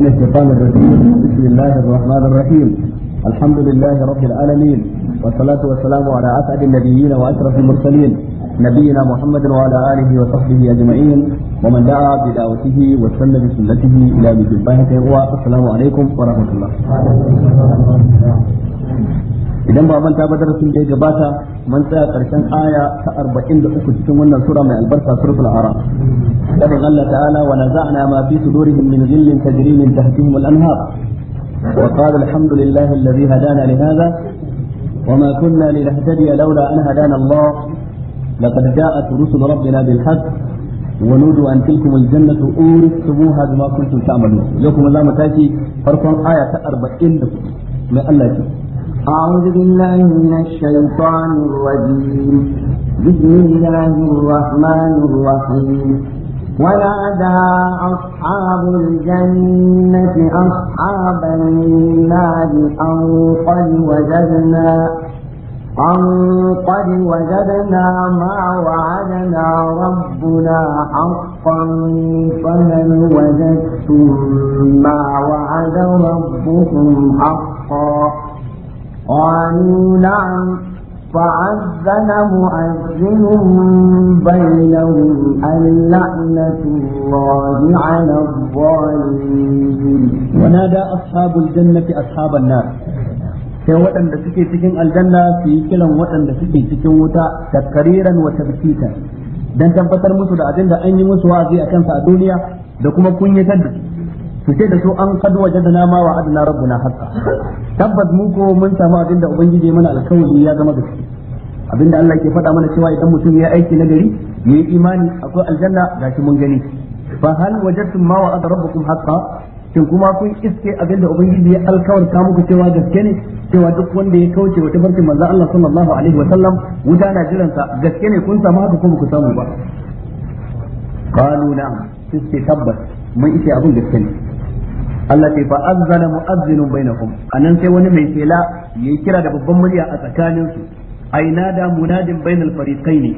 من الشيطان الرجيم بسم الله الرحمن الرحيم الحمد لله رب العالمين والصلاة والسلام على أسعد النبيين وأشرف المرسلين نبينا محمد وعلى آله وصحبه أجمعين ومن دعا بدعوته وسلم بسنته إلى بيت الباهة والسلام عليكم ورحمة الله idan ba manta ba darasin da ya gabata man tsaya karshen aya ta uku cikin wannan sura mai albarka suratul ara sabon Allah ta'ala wa naza'na ma fi sudurihim min ghillin tajri min tahtihim al-anhar wa qala alhamdulillahi alladhi hadana li hadha wa ma kunna linahtadiya lawla an hadana Allah laqad ja'at rusul rabbina bil haqq ونودوا أن تلكم الجنة أورثتموها بما كنتم تعملون يوم لا متاكي فرقا آية أربعين من الله أعوذ بالله من الشيطان الرجيم بسم الله الرحمن الرحيم ونادى أصحاب الجنة أصحاب النار أن قد وجدنا أن قد وجدنا ما وعدنا ربنا حقا فهل وجدتم ما وعد ربكم حقا قالوا نعم فعزن مؤذن بينهم اللعنة الله على الظالمين ونادى أصحاب الجنة أصحاب النار sai waɗanda suke cikin aljanna su yi kiran waɗanda suke cikin wuta da takariran wata tabkitan Don tabbatar musu da abin da an yi musu wa'azi akan sa a duniya da kuma kunyatar da su su ce da su an kadu wajadna ma wa adna rabbuna hatta tabbas mu ko mun samu abin da ubangiji mana alkawari ya zama gaske abin da Allah ke faɗa mana cewa idan mutum ya aiki na gari yi imani akwai aljanna shi mun gani fa hal wajadtum ma wa adna rabbukum hatta shin kuma kun iske abin da ubangiji ya alkawarta muku cewa gaske ne cewa duk wanda ya kauce wa tafarkin manzon Allah sallallahu alaihi wa sallam wuta na jiransa gaske ne kun samu haka ko ku samu ba qalu na sai tabbas mun iske abin gaske ne Allah ce fa azzana mu'azzinun bainakum anan sai wani mai fela yayi kira da babban murya a tsakanin su aina da munadin bainal fariqaini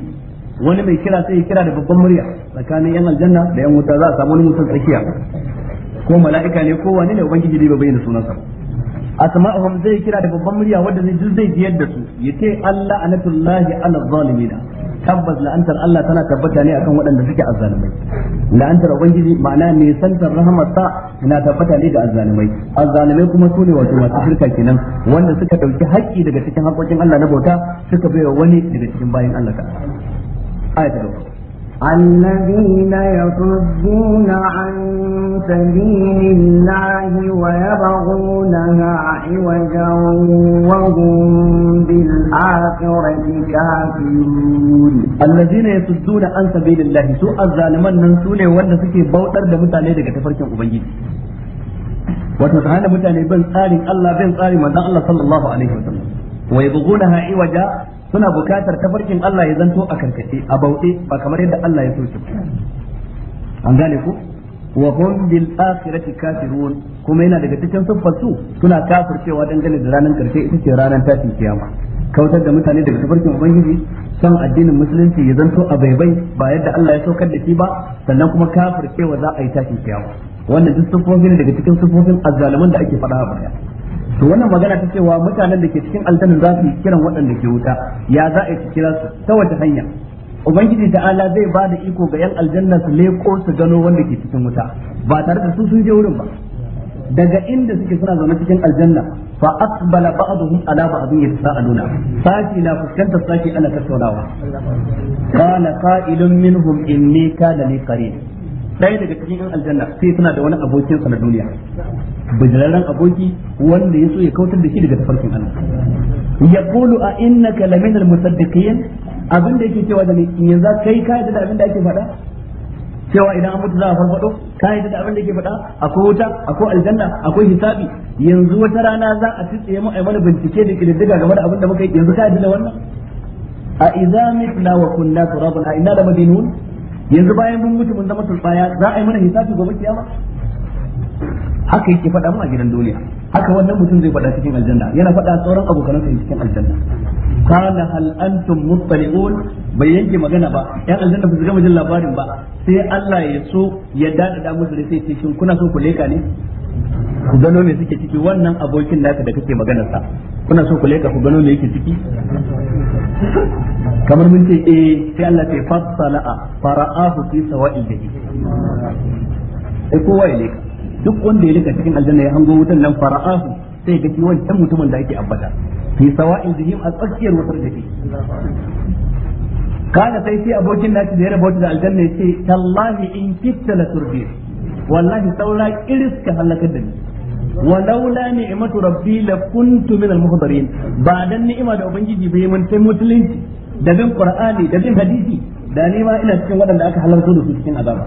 wani mai kira sai ya kira da babban murya tsakanin yan aljanna da yan wuta za a samu wani mutum tsakiya ko mala'ika ne ko wani ne ubangiji bai bayyana sunansa asma'uhum zai kira da babban murya wanda zai duk zai biyar da su yace Allah anatullahi ala zalimina tabbas la'antar Allah tana tabbata ne akan waɗanda suke azzalumai la'antar ubangiji ma'ana ne santar rahamarsa na tabbata ne ga azzalumai azzalumai kuma su ne wato masu shirka kenan wanda suka dauki haƙƙi daga cikin haƙoƙin Allah na bauta suka bai wani daga cikin bayin Allah الذين يصدون عن سبيل الله ويبغونها عوجا وهم بالآخرة كافرون الذين يصدون عن سبيل الله سوء الظالمان ننسون وانا سكي بوتر لمتالي دك تفركم أبيت wato ta hana mutane bin tsarin Allah bin tsarin manzon Allah sallallahu alaihi wasallam wa yabghunaha iwaja suna bukatar tafarkin Allah ya zanto a karkace a bauɗe ba kamar yadda Allah ya soke an gane ku wa hum bil akhirati kafirun kuma yana daga cikin siffar su suna kafircewa dangane da ranar karshe ita ce ranar tashin kiyama kautar da mutane daga tafarkin ubangiji san addinin musulunci ya zanto a baibai ba yadda Allah ya saukar da shi ba sannan kuma kafircewa za a yi tashin kiyama wannan duk sufofi ne daga cikin sufofin azzaluman da ake faɗa a baya to wannan magana ta cewa mutanen da ke cikin aljanna za su yi kiran waɗanda ke wuta ya za a yi kira su ta wata hanya ubangiji ta'ala zai ba da iko ga yan aljanna su leko su gano wanda ke cikin wuta ba tare da su sun je wurin ba daga inda suke suna zama cikin aljanna fa aqbala ba'dhum ala ba'dhin nuna. sashi na fuskantar sashi ana tattaunawa qala qa'ilun minhum inni kana li kare? ɗaya daga cikin aljanna sai suna da wani abokin sa na duniya bijirarren aboki wanda ya so ya kautar da shi daga tafarkin Allah ya kulu a innaka laminal musaddiqin abin da yake cewa da ni yanzu kai ka yadda da abin da ake faɗa cewa idan an mutu za a farfaɗo ka yi da abin da ke faɗa akwai wuta akwai aljanna akwai hisabi yanzu wata rana za a tsitsiye mu a mana bincike da kididdiga game da abin da muka yi yanzu ka yi da wannan a idza mitna wa kunna turaban a inna da madinun yanzu bayan mun mutu mun zama turbaya za a yi mana hisabi gobe kiyama haka yake faɗa mu a gidan duniya haka wannan mutum zai faɗa cikin aljanna yana faɗa sauran abokanan sa cikin aljanna kana hal antum muttali'un bai yanke magana ba yan aljanna ba su gama jin labarin ba sai Allah ya so ya dada da musu sai ce shin kuna so ku leka ne ku gano me suke ciki wannan abokin naka da kake maganar sa kuna so ku leka ku gano me yake ciki kamar mun ce eh sai Allah ya fassala'a fara'ahu fi sawa'il jahim sai kowa ya leka duk wanda ya leka cikin aljanna ya hango wutan nan fara'ahu sai ga shi wancan mutumin da ake ambata fi sawa'il jahim a tsakiyar wutar jahim kana sai sai abokin naki da ya rabauta da aljanna ya ce tallahi in kitta la turbi wallahi saura iris ka halakar da ni walaula ni'matu rabbi la kuntu min al-muhdarin ba dan ni'ima da ubangiji bai mun sai musulunci da bin qur'ani da bin hadisi da ni ma ina cikin waɗanda aka halarta da su cikin azaba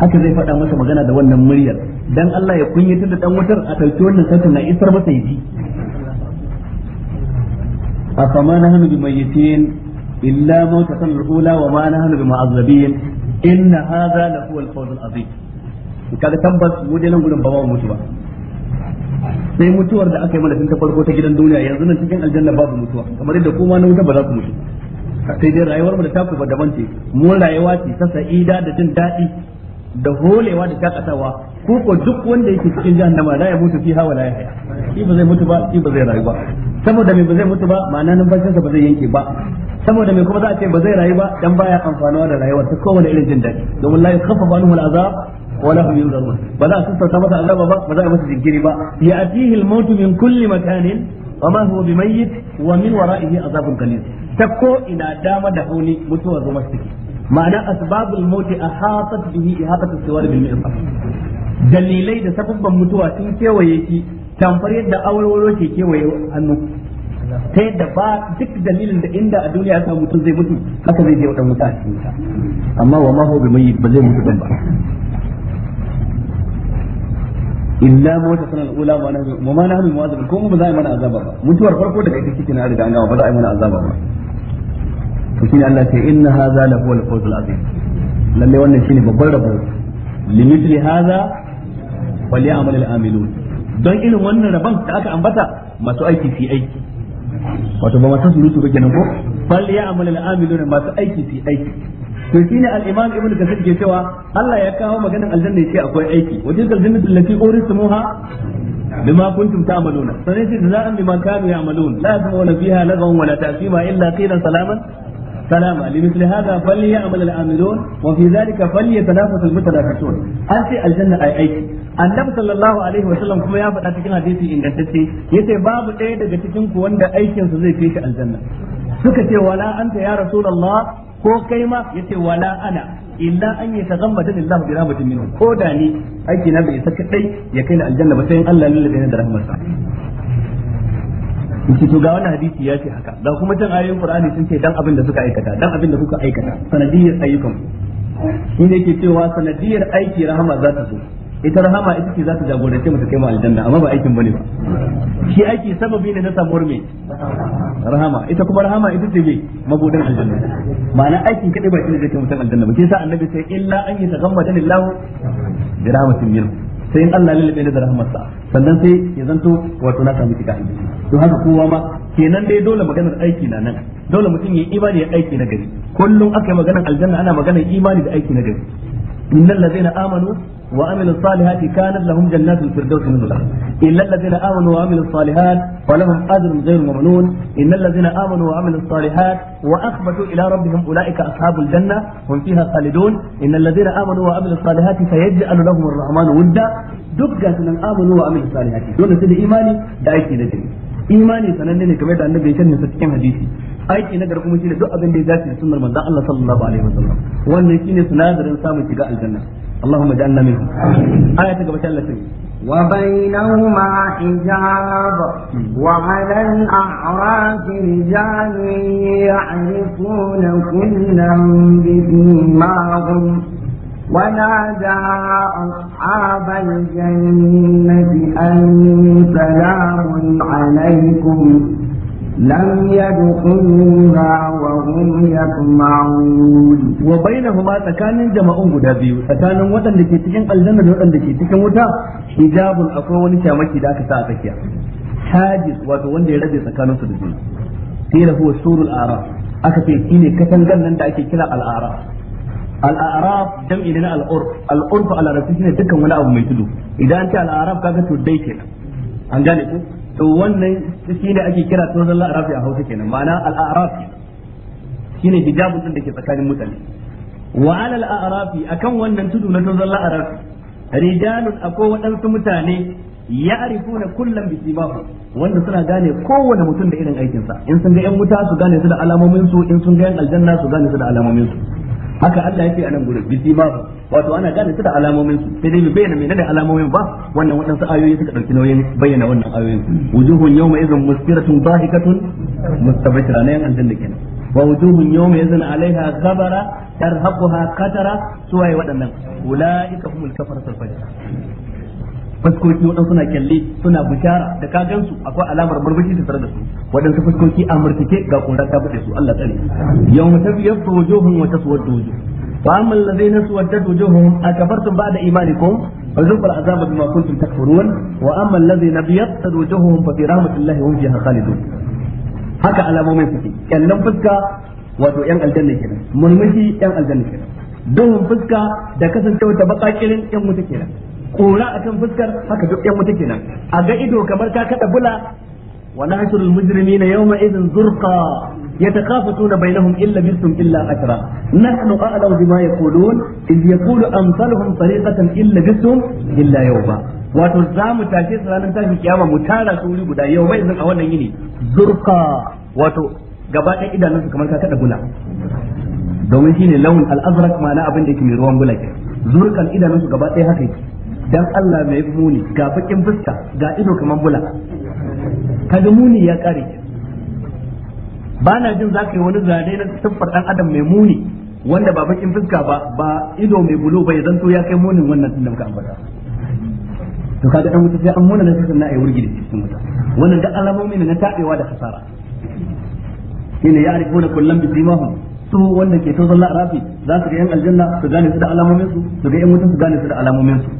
haka zai faɗa masa magana da wannan muryar dan Allah ya kunyatar da dan wutar a ɗauki wannan sautin na isar masa yaji afama nahnu bimayyitin illa mawtatan al-ula wa ma nahnu bimu'azzabin inna hadha lahu al-fawz al-azim kaga tabbas mu dai nan gurin ba mu mutu ba sai mutuwar da aka yi mana tun ta farko ta gidan duniya yanzu nan cikin aljanna babu mutuwa kamar yadda kuma na wuta ba za ku mutu sai dai rayuwar mu da taku ba daban ce mu rayuwa ce ta sa'ida da jin daɗi da holewa da takatawa ko ko duk wanda yake cikin jahannama la ya mutu fi hawa la ya haya shi ba zai mutu ba shi ba zai rayu ba saboda me ba zai mutu ba ma'ana numfashinsa ba zai yanke ba saboda me kuma za a ce ba zai rayu ba dan baya amfanuwa da rayuwar ta kowane irin jin daɗi domin la yukhaffafu anhu al'azab wala hum yunzarun ba za a sassauta masa azaba ba ba za a masa jinkiri ba ya'tihi al-maut min kulli makanin wa ma huwa bimayyit wa min wara'ihi azabun qalil ta ko ina dama da hauni mutuwa zo masa take ma'ana asbabul maut ahatat bihi ihatatu siwar bil mi'fa dalilai da sababban mutuwa sun kewaye shi tamfar yadda awarwaro ke kewaye hannu ta yadda ba duk dalilin da inda a duniya ta mutu zai mutu haka zai je wa dan wuta a cikin amma wa ma huwa bimayyit ba zai mutu dan ba illa mota sanan ula ma nahnu mu ma nahnu mu'azzabun ko mu za a yi mana azaba ba mutuwar farko daga ita cikin na riga an gama ba za a yi mana azaba ba to shine Allah ce inna hadha la huwa al-fawz al-azim lalle wannan shine babban rabo limithli hadha falyamal al-amilun don irin wannan rabon da aka ambata masu aiki fi aiki wato ba masu surutu ba kenan ko falyamal al-amilun masu aiki fi aiki to shi ne imam ibnu kasir ke cewa Allah ya kawo maganin aljanna yace akwai aiki wajen aljannatu allati urisumuha bima kuntum ta'maluna sanin shi jaza'an bima kanu ya'malun la yasma'una fiha lagawan wala ta'sima illa qilan salaman Salama. سلاما لمثل هذا فليعمل العاملون وفي ذلك فليتنافس المتنافسون أنت الجنة أي aiki. annabi sallallahu alaihi wa sallam kuma ya faɗa cikin hadisi ingantacce yace babu ɗaya daga cikin ku wanda aikin sa zai kai shi aljanna suka ce wala anta ya rasulullah ko kai ma ya ce wala ana illa an yataghammada lillahi bi rahmatin minhu ko da ni aiki na bai saka dai ya kai ni aljanna ba sai in Allah lalle ne da rahmarsa yace to ga wannan hadisi ya ce haka ga kuma jan ayoyin Qur'ani sun ce dan abin da suka aikata dan abin da kuka aikata sanadiyar ayyukan shi ne ke cewa sanadiyar aiki rahama za ta zo ita rahama ita ce za ta jagorance mu ta kai mu aljanna amma ba aikin bane ba shi aiki sababi ne na samuwar me rahama ita kuma rahama ita ce me mabudin aljanna ma'ana aikin kadai ba shi ne zai kai mutum aljanna ba ke sa annabi sai illa an yi tagammadan lillahu bi rahmatin minhu sai in Allah lalle ne da rahmarsa sannan sai ya zanto wato na samu kika to haka kowa ma kenan dai dole maganar aiki na nan dole mutum ya imani da aiki na gari kullum aka yi maganar aljanna ana maganar imani da aiki na gari innal ladzina amanu wa amilus salihati kanat lahum jannatul firdaus nuzula illal ladzina amanu wa amilus salihat falahum ajrun ghairu mamnun innal ladzina amanu wa amilus salihat wa akhbatu ila rabbihim ulaika ashabul janna hum fiha khalidun innal ladzina amanu wa amilus salihati sayaj'alu lahum ar-rahmanu wudda duk ga sunan amanu wa amilus salihati dole sai da imani da aiki da jini imani sananne ne da annabi ya sanya cikin hadisi aiki na garkuma shine duk abin da ya dace da sunnar manzon Allah sallallahu alaihi wasallam wannan shine sinadarin samun shiga aljanna اللهم اجعلنا منهم آية قبل وبينهما حجاب وعلى الأعراف رجال يعرفون كلا بسيماهم ونادى أصحاب الجنة أن سلام عليكم لم يدخلوها وهم يطمعون وبينهما تكان جماع غدا بيو تكان ودان دake cikin aljanna da wadan dake cikin wuta hijabun akwai wani shamaki da aka sa a tsakiya hajiz wato wanda ya rage tsakanin su da juna kila huwa surul araf aka ce shine katangan nan da ake kira al araf al araf jam'i na al urf al shine dukkan wani abu mai tudu idan ta al araf kaga to dai an to wannan shi ne ake kira tozon la'arafi a hausa kenan ma'ana al'arafi shi ne hijabun din da ke tsakanin mutane wa alal a'arafi akan wannan tudu na tozon la'arafi rijalun akwai waɗansu mutane ya'rifuna kullam bi simahu wanda suna gane kowane mutum da irin aikinsa in sun ga yan wuta su gane su da alamomin su in sun ga yan aljanna su gane su da alamomin su haka Allah yake anan gurin bisi ma wato ana gane su da alamomin su sai dai mu bayyana menene alamomin ba wannan waɗansu ayoyi suka ɗauki nauyin bayyana wannan ayoyin wujuhun yawma idhin muskiratun bahikatun mustabshira ne an da kenan wa wujuhun yawma idhin alaiha ghabara tarhaquha qatara suwaye waɗannan ulaika humul kafaratu al-fajr fuskoki waɗansu na kyalle suna bishara da ka gansu akwai alamar murmushi ta tare da su waɗansu fuskoki a murtike ga kunda ta bude su Allah tsare yawma tabyaddu wujuhum wa taswaddu wujuh wa amma alladhina suwaddat wujuhum akabartum ba'da imanikum sun العذاب بما كنتم تكفرون واما الذين ابيضت وجوههم ففي رحمه الله هم فيها khalidun haka alamomin suke kyallon fuska wato yan aljanna kenan murmushi yan aljanna kenan duhun fuska da kasancewa ta baka kirin yan mutu kenan kora kan fuskar haka duk yan mutu kenan a ga ido kamar ka kada bula wa nahshurul mujrimina yawma idhin zurqa يتخافتون بينهم إن لبثتم إلا عشرة نحن أعلم بما يقولون إذ يقول أمثالهم طريقة إن لبثتم إلا يوما wato za mu tashe su ranar tashin kiyama mu tara su wuri guda yau bai zan a wannan yini zurka wato gaba ɗaya idanunsu kamar ka kada bula domin shine launin al-azraq ma'ana abin da yake mai ruwan bula ke zurkan idanunsu gaba ɗaya haka yake dan Allah mai muni ga bakin fuska ga ido kamar bula kada muni ya kare ba na jin zaka yi wani zane na siffar dan adam mai muni wanda ba bakin fuska ba ba ido mai bulo ba ya zanto ya kai munin wannan din da muka ambata to kaga dan mutum sai an muna na sunna na ayi wurgi da cikin mutum wannan da alamomi ne na tabewa da hasara shine ya arifuna kullum bi simahum su wanda ke tozon la'arafi za su ga yan aljanna su gane su da alamomin su su ga yan mutum su gane su da alamomin su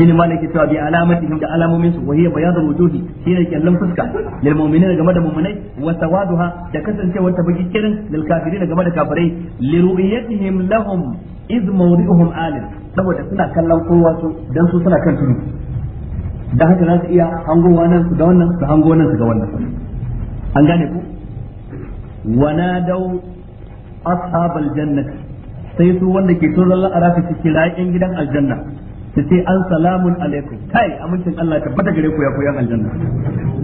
shine malaki cewa bi alamatihim da alamomin su wahiya bayadul wujuhi shine kyallan fuska lil mu'minina game da mu'minai wa sawaduha da kasancewar ta baki kirin lil kafirin game da kafirai li ru'yatihim lahum iz mawdi'uhum alim saboda suna kallon kowa su dan su suna kan tudu da haka za su iya hangowa nan su ga wannan su hango nan su ga wannan an gane ku wanadau ashabal jannati sai su wanda ke tozon la'arafi su kira gidan aljanna ta ce an salamun alaikum kai amincin Allah ta bata gare ku ya koyan aljanna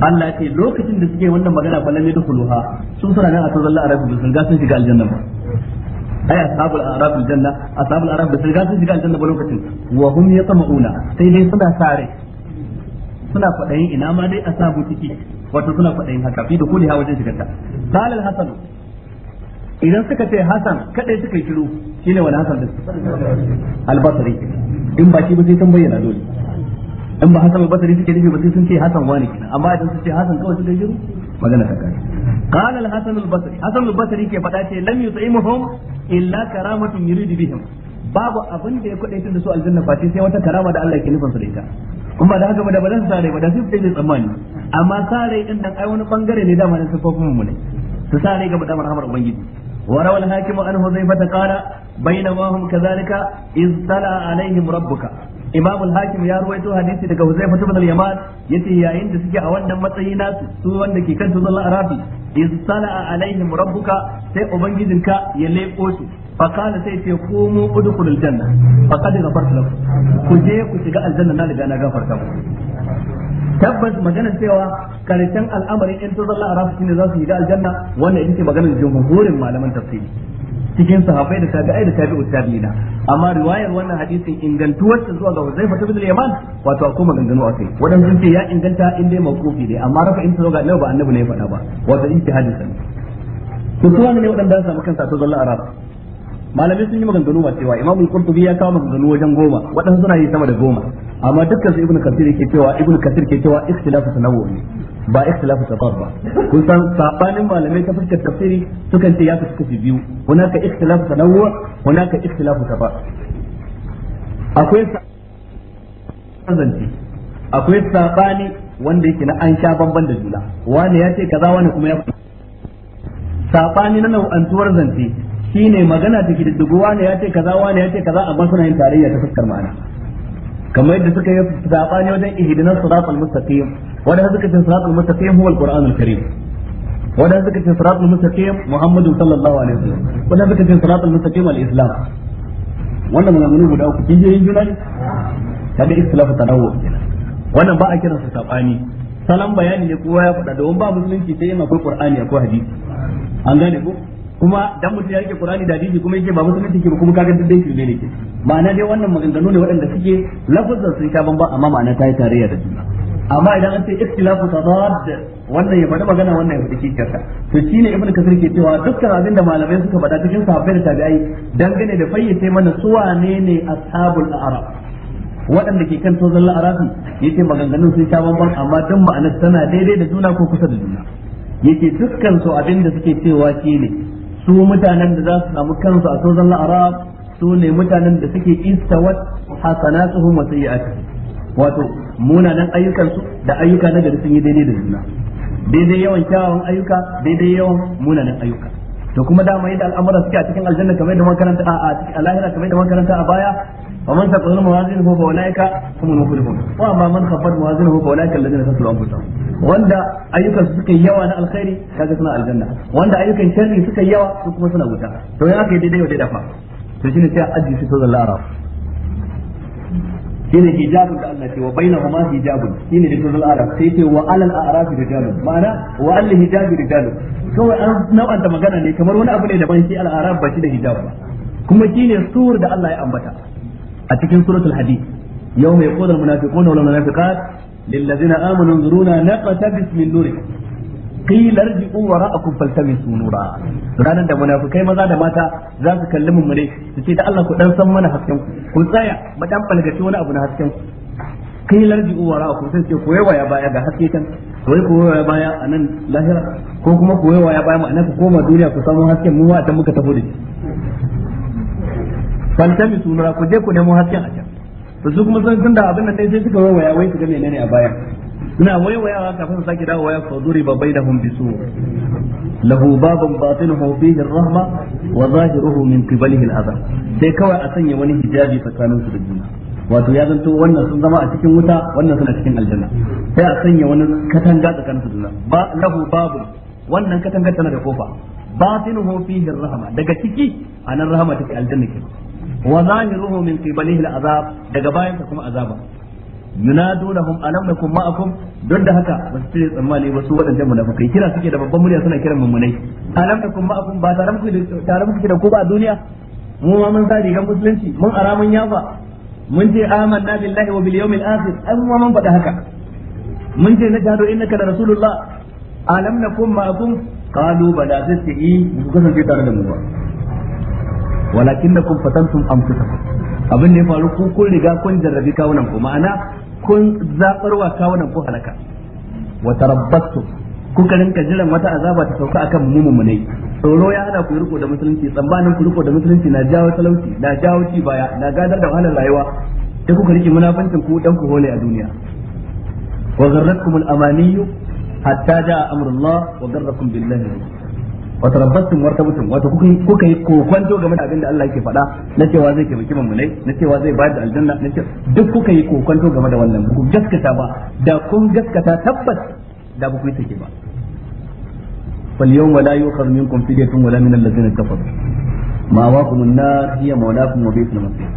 Allah ce lokacin da suke wannan magana ba lalle kuluha sun suna nan a tazalla arabu sun ga sun shiga aljanna ba ay ashabul arab aljanna ashabul arab sun ga sun shiga aljanna ba lokacin wa hum yatamuna sai dai suna sare suna fadayin ina ma dai sabu ciki wato suna fadayin haka fi da kuliha wajen shigarta salal hasan idan suka ce hasan kadai suka yi shiru shine wani hasan din albasri in ba shi ba sai san bayyana dole in ba hasan basari suke nufi ba sai sun ce hasan wani kenan amma idan sun ce hasan kawai suka shiru magana ta kare qala al-hasan al-basri hasan al basri hasan basri ke fada ce lami lam yut'imuhum illa karamatun yuridu bihim babu abin da ya kudaitar da su aljanna fa sai wata karama da Allah ke nufin su da ita kuma da haka ba da ba su sare ba da su fice tsammani amma sare din dan ai wani bangare ne da ma nan kuma mu ne su sare ga da marhamar ubangiji وروى الحاكم عن حذيفة قال بينما هم كذلك إذ طلع عليهم ربك Imam al-Hakim ya ruwaito hadisi daga Huzaifah ibn al-Yaman yace yayin da suke a wannan matsayi nasu su wanda ke kan tuzul arafi iz sala'a alaihim rabbuka sai ubangijinka ya leko su fa kana sai ce qumu janna faqad ghafartu lakum ku je ku shiga aljanna na riga na gafarta muku tabbas magana cewa karshen al'amarin in tuzar a rafi ne za su yi da aljanna wannan ita ce maganar jumhurin malaman tafsiri cikin sahabbai da tabi'ai da tabi'u tabi'ina amma riwayar wannan hadisin ingantu ta zuwa ga Huzaifa ibn al-Yaman wato akwai ganganu a kai wadanda sun ce ya inganta in dai mawqufi ne amma rafa in ta zo ga Annabi ba Annabi ne ya faɗa ba wato ijtihadin sa to su ne waɗanda za su samu kansa to zalla rafi malamai sun yi maganganu ba cewa imam al-qurtubi ya kawo maganganu wajen goma waɗansu suna yi sama da goma amma dukkan su ibnu kasir ke cewa ibnu kasir ke cewa ikhtilafu tanawwu ne ba ikhtilafu taqab ba kun san sabanin malamai ta fuskar tafsiri sukan ce ya fuska kashi biyu hunaka ikhtilafu tanawwu hunaka ikhtilafu taqab akwai akwai sabani wanda yake na an sha bamban da juna wani ya ce kaza wani kuma ya sabani na tuwar zance shine magana ta kididdigo wani ya ce kaza wani ya ce kaza amma suna yin tarayya ta fuskar ma'ana kamar yadda suka yi ne wajen ihdinas siratal mustaqim wanda suka ce siratal mustaqim huwa alquranul karim wanda suka ce siratal mustaqim muhammadu sallallahu alaihi wasallam wanda suka ce siratal mustaqim al-islam wannan maganganu guda uku kin je yin juna ne kada islafu tanawwu wannan ba a kiran su sabani salam bayani ne kowa ya faɗa domin ba musulunci sai yana akwai qur'ani akwai hadisi an gane ko kuma dan mutum ya rike Qur'ani da hadisi kuma yake ba musulunci ke ba kuma kaga duk dai kirme ne ke ma'ana dai wannan maganganu ne waɗanda suke lafazin sun ta bamba amma ma'ana ta yi tarayya da juna amma idan an ce ikhtilafu tadad wannan ya faɗi magana wannan ya faɗi kikirta to shine ibnu kasir ke cewa dukkan abin da malamai suka faɗa cikin sahabbai da tabi'ai dangane da fayyace mana su wane ne ashabul arab waɗanda ke kan tozon la'arafi yace maganganun sun sha bamban amma duk ma'anar tana daidai da juna ko kusa da juna yake dukkan su abin da suke cewa shine su mutanen da za su samu kansu a tozon arab su ne mutanen da suke istawat hasanatuhum wa sayyi'atuhum wato munanan ayyukansu da ayyuka na gari sun yi daidai da juna daidai yawan kyawawan ayyuka daidai yawan munanan ayyuka to kuma dama yadda al'amuran suke a cikin aljanna kamar da makaranta a a cikin lahira kamar da makaranta a baya ومن تقل موازينه فاولئك هم المفلحون واما من خفت موازينه فاولئك الذين خسروا انفسهم wanda ayyukan suka yi yawa na alkhairi kaga suna aljanna wanda ayyukan sharri suka yi yawa su kuma suna wuta to ya kai daidai wa daidai fa to shine sai aji shi to zalla araf shine hijabun da Allah ce wa bainahuma hijabun shine da tuzul arab sai ce wa alal a'raf rijalun ma'ana wa al hijab rijalun kawai an nau'anta magana ne kamar wani abu ne daban shi al araf ba shi da hijab ba kuma da Allah ya ambata a cikin suratul hadid yawma yaqulu al munafiquna wal munafiqat lil ladzina amanu anzuruna naqtabis min nurikum qila irji'u wara'akum faltamisu nura ranan da munafikai maza da mata za su kalli mummune su ce da Allah ku dan san mana hasken ku tsaya ba dan balgaci wani abu na hasken ku qila irji'u wara'akum sai ce ku waya baya ga haske kan wai ku waya baya anan lahira ko kuma ku waya baya ma'ana ku koma duniya ku samu hasken mu wa ta muka tafi da fantami suna ku je ku nemo hasken a can to su kuma sun tunda abin da dai sai suka waya wai su ga menene a baya suna waiwayawa kafin su sake dawo waya fa duri ba bainahum bisu lahu babun batinuhu fihi ar-rahma wa zahiruhu min qibalihi al-adha sai kawai a sanya wani hijabi tsakanin su da juna wato ya zanto wannan sun zama a cikin wuta wannan suna cikin aljanna sai a sanya wani katanga tsakanin su juna ba lahu babun wannan katangar tana da kofa batinuhu fihi ar-rahma daga ciki anan rahama take aljanna kenan wa zahiruhu min qibalihi al'azab daga bayansa kuma azaba yunadunahum alam nakum ma'akum don da haka ba su tsaye tsammani ba su waɗannan munafikai kira suke da babban murya suna kiran mummunai alam nakum ma'akum ba tare muku tare muku da ku ba a duniya mu ma mun sa rigan musulunci mun aramun mun yafa mun ce amanna billahi wa bil yawmil akhir an mu mun faɗa haka mun ce na jado innaka da rasulullah alam kuma akun. qalu bala sai su yi su kasance tare da mu ba Walakin walakinnakum fatantum anfusakum abin ne ya faru ku kun riga kun jarrabi kawunan ku ma'ana kun kawunan ku halaka wa tarabbastu kuka rinka jiran wata azaba ta sauka akan mumumunai tsoro ya hana ku riko da musulunci tsammanin ku riko da musulunci na jawo talauci na jawo ci baya na gadar da wahalar rayuwa da kuka rike munafancin ku dan ku hole a duniya wa garrakum al-amaniyu hatta jaa amrullah wa garrakum billahi wata rabbatun wata mutum wata kuka yi kokwanto game da abin da Allah yake faɗa na cewa zai taimaki mummunai na cewa zai bada aljanna na cewa duk kuka yi kokwanto game da wannan ku gaskata ba da kun gaskata tabbas da ba ku yi take ba fal yawma la yu'khadhu minkum fidyatun wala min alladhina kafaru ma'awakum an-nar hiya mawlaakum wa bi'sal masir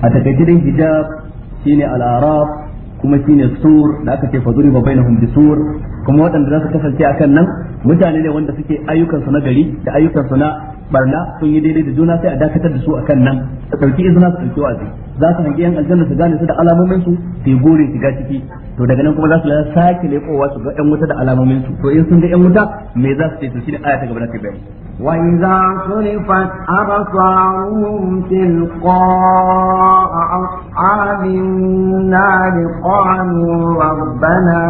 a takaddirin hijab shine al-araf kuma shine sur da aka ce faduri bainahum bisur kuma waɗanda za su kasance akan nan mutane ne wanda suke ayyukansu na gari da ayyukansu na barna sun yi daidai da juna sai a dakatar da su akan nan su ɗauki izina su ɗauki wazi za su hangi yan aljanna su gane su da alamomin su su yi gore shiga ciki to daga nan kuma za su lalata sake leƙowa su ga yan wuta da alamomin su to in sun ga yan wuta me za su ce su shine aya ta gaba na tabbata وإذا صرفت أبصارهم تلقاء أصحاب النار قالوا ربنا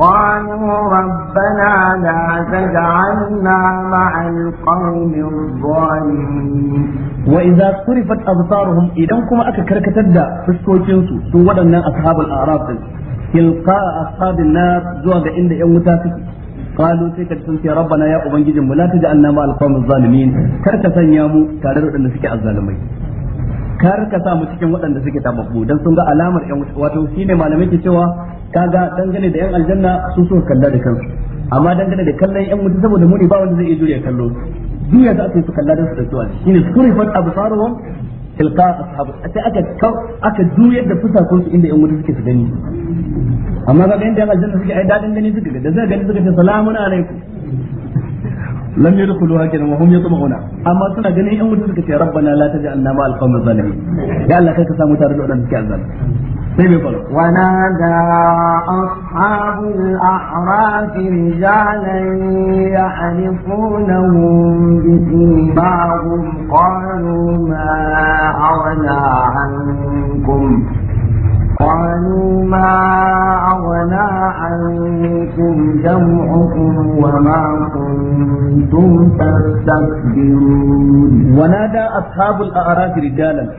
قالوا ربنا لا تجعلنا مع القوم الظالمين وإذا صرفت أبصارهم إذا كما أكرك تبدا في السوشنسو سوى أصحاب الأعراض تلقاء أصحاب النار زوى عند يوم تاسكي قالوا sai ka sun ce rabbana ya ubangijin mu la taj'alna ma alqawmi zalimin kar ka sanya mu tare da waɗanda suke azzalumai kar ka sa mu cikin waɗanda suke tababbu dan sun ga alamar yan malamai cewa kaga dangane da yan aljanna su suka kalla da kansu amma dangane da kallon yan mutu saboda muni ba wanda zai iya jure kallo duniya za ta su kalla da su da suwa shine surifat absaruhum tilqa ashabu sai aka aka juyar da fusakun su inda yan mutu suke su gani amma ga yan aljanna suke ai dadin gani suke da zai gani suke ce salamu alaikum lam yadkhulu kana wa hum yatma'una amma suna ganin yan wuta suke ce rabbana la taj'alna ma al-qawmi zalimin ya Allah kai ka samu tare da wadanda suke azzalimi ونادى أصحاب الأحراف رجالا يعرفونهم بسيماهم قالوا ما أغنى عنكم قالوا ما أغنى عنكم جمعكم وما كنتم تستكبرون ونادى أصحاب الأعراف رجالا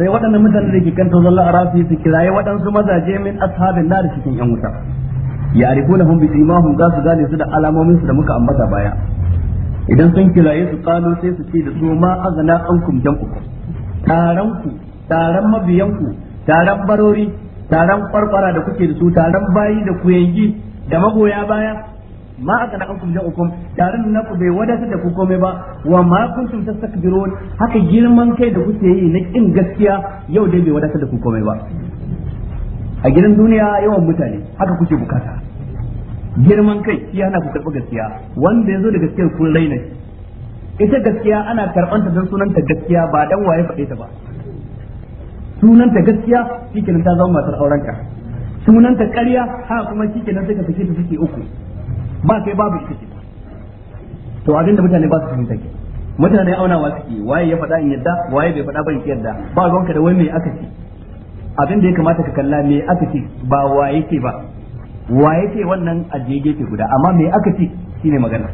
sai waɗannan mutanen da ke kan tozalla a rafi su kiraye waɗansu mazaje min ashabin da cikin yan wuta ya na hum bi imahum za su gane su da alamomin su da muka ambata baya idan sun kiraye su kano sai su ce da su ma azana ankum ku. taranku taran mabiyanku taran barori taran kwarkwara da kuke da su taran bayi da kuyangi da magoya baya ma aka na ankum ja'ukum tarin na ku bai wadatar da ku komai ba wa ma kuntum tastakbirun haka girman kai da kuke yi na kin gaskiya yau dai bai wadatar da ku komai ba a gidan duniya yawan mutane haka kuke bukata girman kai shi ana ku karɓi gaskiya wanda yazo da gaskiyar kun raina ita gaskiya ana karɓanta don sunanta gaskiya ba dan waye faɗe ta ba sunanta gaskiya shikenan ta zama matar aurenka sunanta ƙarya ha kuma shikenan sai ka sake ta suke uku ba sai babu ita ce to abin da mutane ba su fahimta ke mutane aunawa suke waye ya faɗa in yadda waye bai faɗa ba in yadda ba ruwanka da wai me aka ce abin da ya kamata ka kalla me aka ce ba waye ce ba waye ce wannan ajiye gefe guda amma mai aka ce shine magana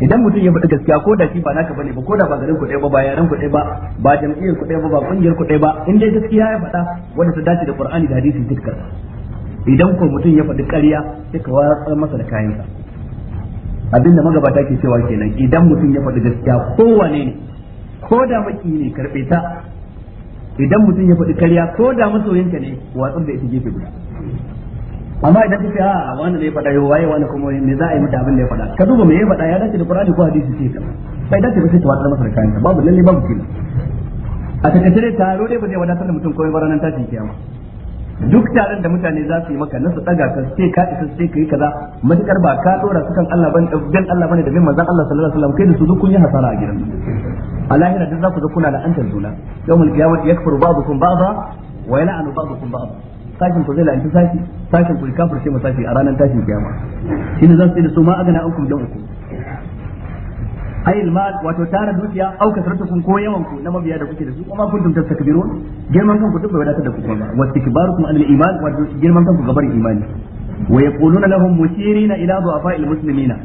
idan mutum ya faɗi gaskiya ko da shi ba naka bane ba ko da ba garin ku ɗaya ba ba yaran ku ɗaya ba ba jam'iyyar ku ɗaya ba ba kungiyar ku ɗaya ba in dai gaskiya ya faɗa wanda ta dace da Qur'ani da hadisi duk dukkan idan ko mutum ya faɗi ƙarya sai ka watsa masa da kayansa abinda magabata ke cewa kenan idan mutum ya faɗi gaskiya kowane ne ko da maki ne karɓe ta idan mutum ya faɗi ƙarya ko da masoyinka ne watsar da ita gefe guda amma idan ka ce a ah, wani ne faɗa yau waye wani kuma me za a yi mata abin da ya faɗa ka duba me ya faɗa ya dace da ƙur'ani ko hadisi ce ka sai dace ba sai ta watsar masa da kayansa babu lalle babu kila a takaice dai taro dai ba zai wadatar da mutum komai ba ranar tashin kiyama duk taron da mutane za su yi maka nasu daga ka sai ka isa sai kai kaza matukar ba ka dora su kan Allah bane dan Allah bane da bin manzon Allah sallallahu alaihi wasallam kai da su duk kun yi hasara a gidan a lahira duk za ku ga kuna da antar juna yawmul qiyamah yakfuru ba'dukum ba'dha wa yal'anu ba'dukum ba'dha sashin ku zai la'anci sashi sashin ku kafirce ma sashi a ranar tashin kiyama shine zan sai da su ma agana ankum dan uku ay almal wato tara dukiya au kasratukum ko yawan ku na mabiya da kuke da su kuma kuntum tastakbirun girman kanku duk bai wadatar da ku ba wa istikbarukum an al-iman wato girman kanku gabar imani wa yaquluna lahum mushirina ila du'afa'il muslimina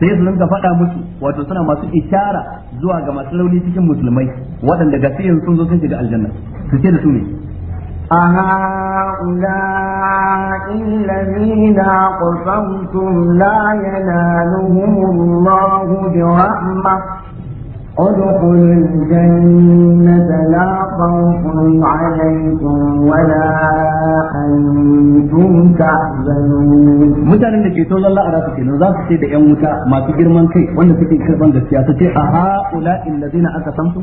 sai su rinka faɗa musu wato suna masu ishara zuwa ga masu rauni cikin musulmai waɗanda ga sun zo sun shiga aljanna su ce da su ne أهؤلاء الذين أقسمتم لا ينالهم الله برحمة ادخل الجنة لا خوف عليكم ولا أنتم تحزنون mutanen da ke to zalla a rasu kenan za su ce da yan wuta masu girman kai wanda suke karban gaskiya su ce a ha'ula illazina aka samsu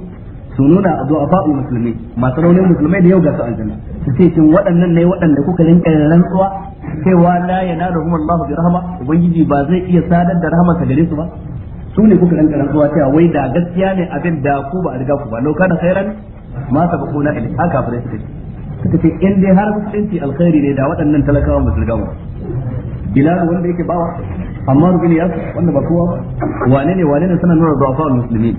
su nuna a du'afa'ul musulmi masu raunin musulmai da yau ga su aljanna su ce shin waɗannan ne waɗanda kuka rinka rantsuwa cewa la yanaluhum Allahu bi rahma ubangiji ba zai iya sadar da rahama gare su ba su ne kuka rinka rantsuwa cewa wai da gaskiya ne abin da ku ba a riga ku ba lau kana khairan ma na ilai haka fare su suka ce in dai har musulunci alkhairi ne da waɗannan talakawa musulmi bilal wanda yake bawa amma rubin ya wanda ba kowa wane ne wane ne suna nuna du'afa'ul musulmi.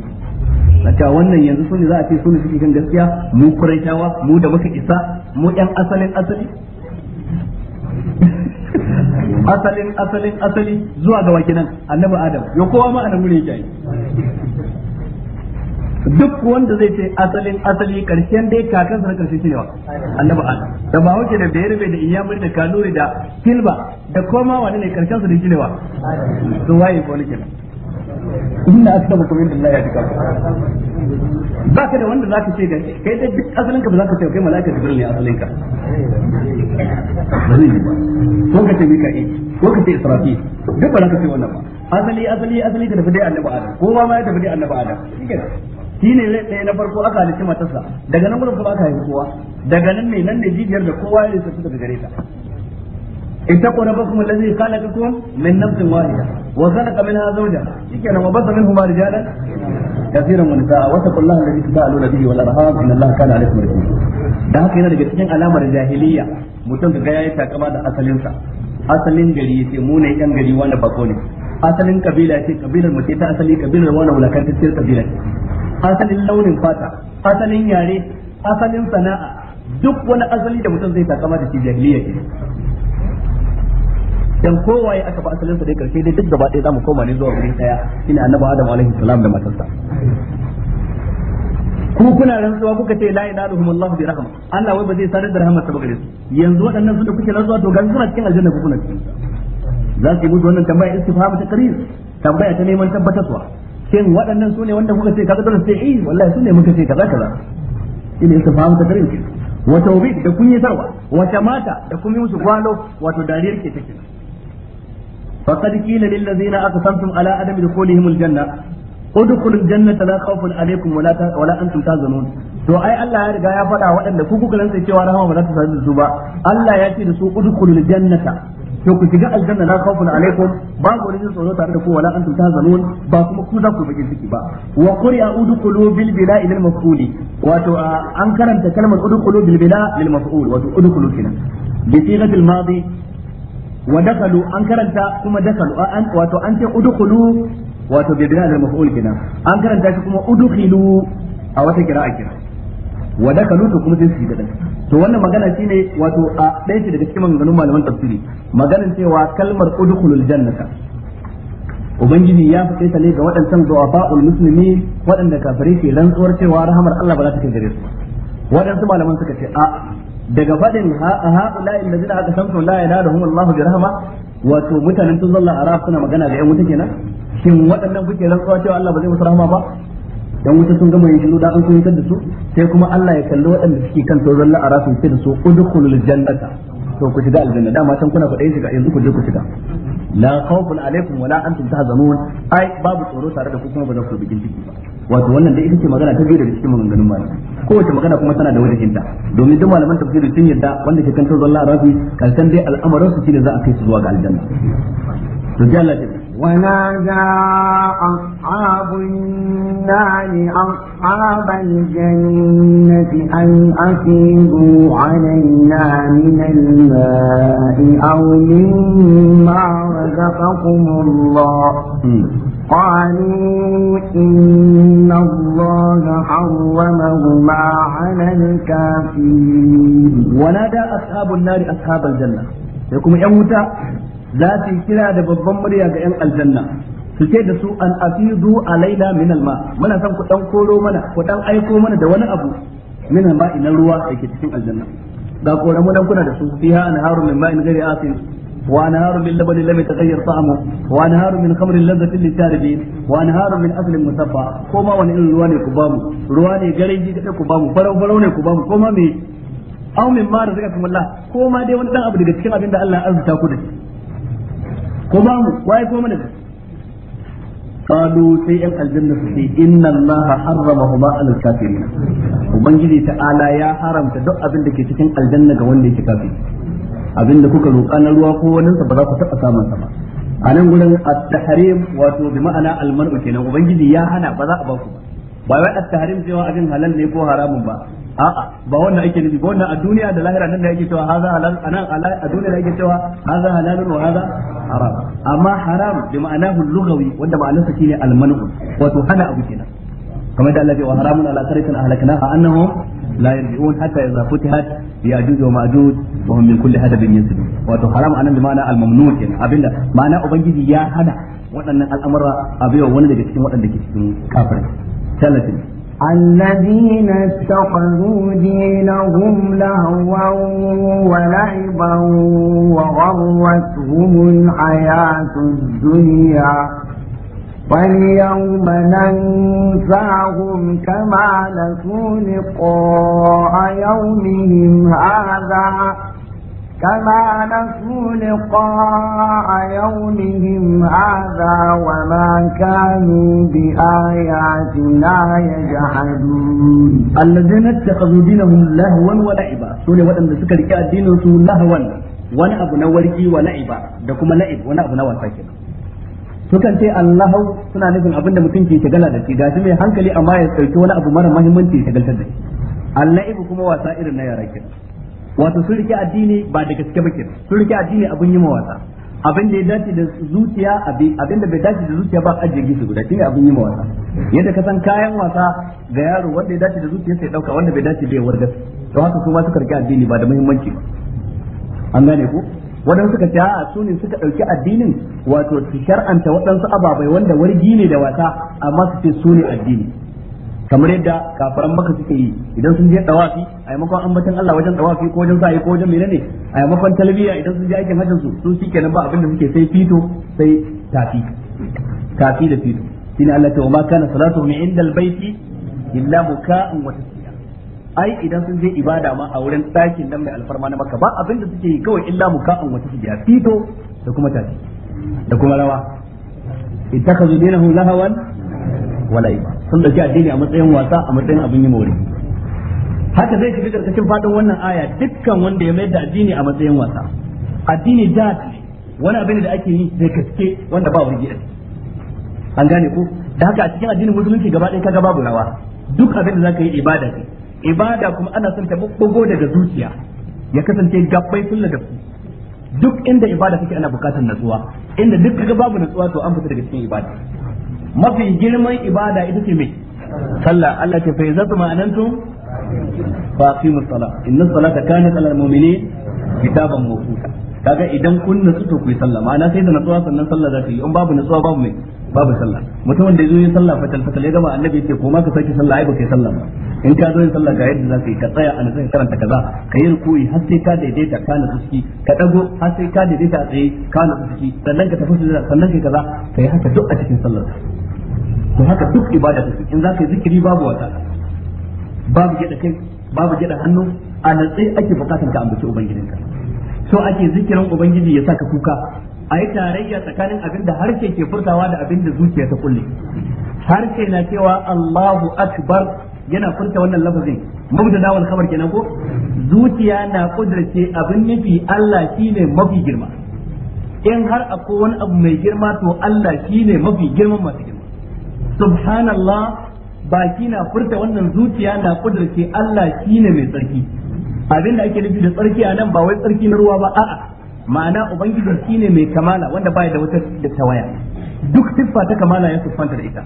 a cewa wannan yanzu su ne za a ce su ne suke kan gaskiya mu kuraitawa mu da muka isa mu yan asalin asali asalin asalin asali zuwa ga wakinan annabi adam ya kowa ma anan ne yake duk wanda zai ce asalin asali karshen dai kakan na karshe shi ne wa annabi adam da ba hauke da bayar da iyamuri da kanuri da kilba da koma wani ne karshen su da shi ne wa waye ko inna ya indallahi ba ka da wanda ka ce kai dai duk asalin ka ba ka ce kai malaika jibril ne asalin ka ko ka ce mika'i ko ka ce israfi duk ba ka ce wannan ba asali asali asali da tafi dai annabi adam kowa ma ya tafi dai annabi adam shi ne ne ɗaya na farko aka halicci matarsa daga nan gudun kuma aka haifi kowa daga nan ne nan ne jijiyar da kowa ya lissafi daga gare ta اتقوا ربكم الذي خلقكم من نفس واحده وخلق منها زوجها شكرا وبث منهما رجالا كثيرا ونساء واتقوا الله الذي تساءلون به والارحام ان الله كان عليكم رقيبا da haka yana daga cikin alamar jahiliya mutum ga yayi takama da asalinsa asalin gari yace mu ne yan gari wanda bako ne asalin kabila ce kabilar mu ta asali kabilar wanda wulakantacciyar kabila asalin launin fata asalin yare asalin sana'a duk wani asali da mutum zai takama da shi jahiliya ce dan kowaye aka ba asalin sa dai karshe dai duk gaba ɗaya zamu koma ne zuwa wurin daya ina annabi adam alaihi salam da matarsa ku kuna rantsuwa kuka ce la ilaha illallah bi rahma Allah wai ba zai sanar da rahmat ba gare su yanzu waɗannan su da kuke rantsuwa to ga suna cikin aljanna ku kuna cikin za su yi musu wannan tambaya istifhamu ta qarir tambaya ta neman tabbatarwa shin waɗannan su ne wanda kuka ce kaza da sai eh wallahi su ne muka ce kaza kaza ina istifhamu ta qarir wa tawbid da kun yi sarwa wa shamata da kun yi musu gwalo wato dariyar ke take faqad qila lil ladzina aqsamtum ala adami dukhulihim al janna udkhulul jannata la khawfun alaykum wala wala antum tazanun to ai Allah ya riga ya faɗa waɗanda ku kuka rantsa cewa rahama ba za ta sadu da su ba Allah ya ce da su udkhulul jannata to ku shiga aljanna la khawfun alaikum ba ku rijin tsoro tare da ku wala antum tazanun ba kuma ku za ku bakin ciki ba wa qur'a udkhulu bil bila ila maf'uli wato an karanta kalmar udkhulu bil bila lil maf'ul wato udkhulu kina bi sighati al madi wa dakalu an karanta kuma dakalu an wato an ce udkhulu wato bi bina al maf'ul kina an karanta shi kuma udkhilu a wata kira'a kira wa to kuma sai su da to wannan magana shine wato a ɗaya ce daga cikin maganganun malaman tafsiri maganar cewa kalmar udkhulul jannata ubangiji ya fi ta ne ga waɗancan zuwafa'ul musulmi waɗanda kafirai ke rantsuwar cewa rahamar Allah ba ta kai gare waɗansu suka ce daga fadin haula illazina aka samtu la ilaha Allahu bi rahama wato mutanen tun zalla arab suna magana da yan wuta kenan shin waɗannan kuke rantsuwa cewa Allah ba zai musu rahma ba dan wuta sun gama yin shiru da an kuyatar da su sai kuma Allah ya kalli waɗanda suke kan tun zalla arab sun ce da su udkhulul jannata to ku shiga aljanna dama can kuna faɗin shiga yanzu ku je ku shiga la khawfun alaikum wala antum tahzanun ai babu tsoro tare da ku kuma ba za ku bigin ciki ba wato wannan da ita ce magana ta gaida da cikin maganganun malamai kowace magana kuma tana da wajen ta domin duk malaman tafsiri sun yadda wanda ke kantar zalla rafi kalsan dai al'amuran su shine za a kai su zuwa ga aljanna to ji Allah ونادى أصحاب النار أصحاب الجنة أن أفيدوا علينا من الماء أو مما رزقكم الله قالوا إن الله حرمهما على الكافرين ونادى أصحاب النار أصحاب الجنة يقوم يموتا لا تكلا دبب مريا الجنة da su an afidu alaina min alma muna ku dan koro mana ku dan aiko mana da wani abu min alma ina ruwa da ke cikin aljanna ga koramu dan kuna da su fiha anharu min ma'in ghairi asin وانهار من لبن لم يتغير طعمه وانهار من خمر لذة للشاربين وانهار من اصل مصفى كما وان ان رواني كبام رواني غريجي كده كبام فرو فرو ne كبام كما مي او من ما رزقكم الله كما dai wani dan abu daga cikin abin da Allah azza ku da كبام واي ko mana قالوا سيئا الجنة في إن الله حرمهما على الكافرين وبنجلي تعالى يا حرم تدق أبن لك الجنة وان لك كافرين abinda kuka roƙa na ruwa ko wani ba za ku taɓa samun sa ba a nan gurin at-tahrim wato bi ma'ana al-man'u kenan ubangiji ya hana ba za a ba ku ba wai at-tahrim cewa abin halal ne ko haramun ba a'a ba wannan ake nufi ba wannan a duniya da lahira nan da yake cewa haza halal anan a duniya da yake cewa haza halalun wa haza haram amma haram bi ma'anahu lughawi wanda ma'anarsa shine al-man'u wato hana abu kenan kamar da Allah ya wa haramun ala qaryatin ahlaknaha annahum la yarji'un hatta idza futihat ya'juj wa ma'juj wa hum min kulli hadabin yasdu wato haram anan bi ma'ana al-mamnun abinda ma'ana ubangiji ya hana waɗannan al'amura a baiwa wani daga cikin waɗanda ke cikin kafirai talatin الذين اتخذوا دينهم لهوا ولعبا وغرتهم الحياة الدنيا واليوم ننساهم كما نسوا لقاء يومهم هذا كما نسوا لقاء يومهم هذا وما كانوا بآياتنا يجحدون الذين اتخذوا دينهم لهوا ولعبا سورة وأن سكر الدين لهوا wani abu na warki wa la'iba da kuma la'ib wani abu na wasa kenan sukan ce allahu suna nufin abin da mutum ke shagala da shi shi mai hankali amma ya ɗauki wani abu mara muhimmanci ya shagaltar da shi allaibu kuma wasa irin na yara kenan wato sun rike addini ba da gaske ba kenan sun rike addini abin yi mawasa abin da ya dace da zuciya abin da bai dace da zuciya ba ajiye gisu guda ne abin yi mawasa yadda ka san kayan wasa ga yaro wanda ya dace da zuciya sai dauka wanda bai dace bai wargasa to haka kuma suka rike addini ba da muhimmanci ba an gane ku waɗansu suka ce a'a su ne suka ɗauki addinin wato su shar'anta waɗansu ababai wanda wargi ne da wasa amma su ce su ne addini kamar yadda kafaran maka suke yi idan sun je dawafi a yamakon ambatan Allah wajen dawafi ko wajen sa'i ko wajen menene a yamakon talbiya idan sun je aikin hajjin su su shikenan ba abin da suke sai fito sai tafi tafi da fito shine Allah ta wa ma kana salatuhum inda albayti illa muka'an wa tasbih ai idan sun je ibada ma a wurin ɗakin nan mai alfarma na maka ba abinda suke yi kawai illa mu ka'an wata su biya fito da kuma tafi da kuma rawa ittakhadhu dinahu lahawan wala iba sun dauki addini a matsayin wasa a matsayin abin yi mori haka zai shiga karkashin fadin wannan aya dukkan wanda ya mayar da addini a matsayin wasa addini dat wani abin da ake yi zai kaske wanda ba wurgi an gane ko da haka a cikin addinin musulunci gaba ɗaya kaga babu rawa duk abin da zaka yi ibada ne ibada kuma ana son ta bugo daga zuciya ya kasance gabbai sun da ku duk inda ibada take ana bukatar natsuwa inda duk kaga babu natsuwa to an fita daga cikin ibada mafi girman ibada ita ce mai sallah Allah ce fa yazatu ma'anantum fa aqimus salah inna salata kanat lil mu'minin kitaban mawquta kaga idan kun natsu to ku yi sallah ma'ana sai da natsuwa sannan sallah za ta yi in babu natsuwa babu mai babu sallah mutum da yazo yin sallah fatal fatal ya gama annabi yake ko ka saki sallah ai ba kai sallah ba in ka zo yin sallah ga yadda zaka yi ka tsaya a nan karanta kaza ka yi rukuyi har sai ka daidaita ka na suki ka dago har sai ka daidaita tsaye ka na suki sannan ka tafi sujada sannan kai kaza ka yi haka duk a cikin sallar to haka duk ibada take in zaka yi zikiri babu wata babu gida kai babu gida hannu a sai ake bukatar ka ambaci ubangijinka so ake zikirin ubangiji ya saka kuka a yi tarayya tsakanin abin da harshe ke furtawa da abin da zuciya ta kulle harshe na cewa Allahu akbar yana furta wannan lafazin da wal khabar kenan ko zuciya na kudrace abin nufi Allah shine mafi girma in har akwai wani abu mai girma to Allah shine mafi girman masu girma subhanallah baki na furta wannan zuciya na kudrace Allah shine mai tsarki abin da ake nufi da tsarki a nan ba wai tsarki na ruwa ba a'a ma'ana ubangiji shine mai kamala wanda baya da wata da tawaya duk siffa ta kamala ya siffanta da ita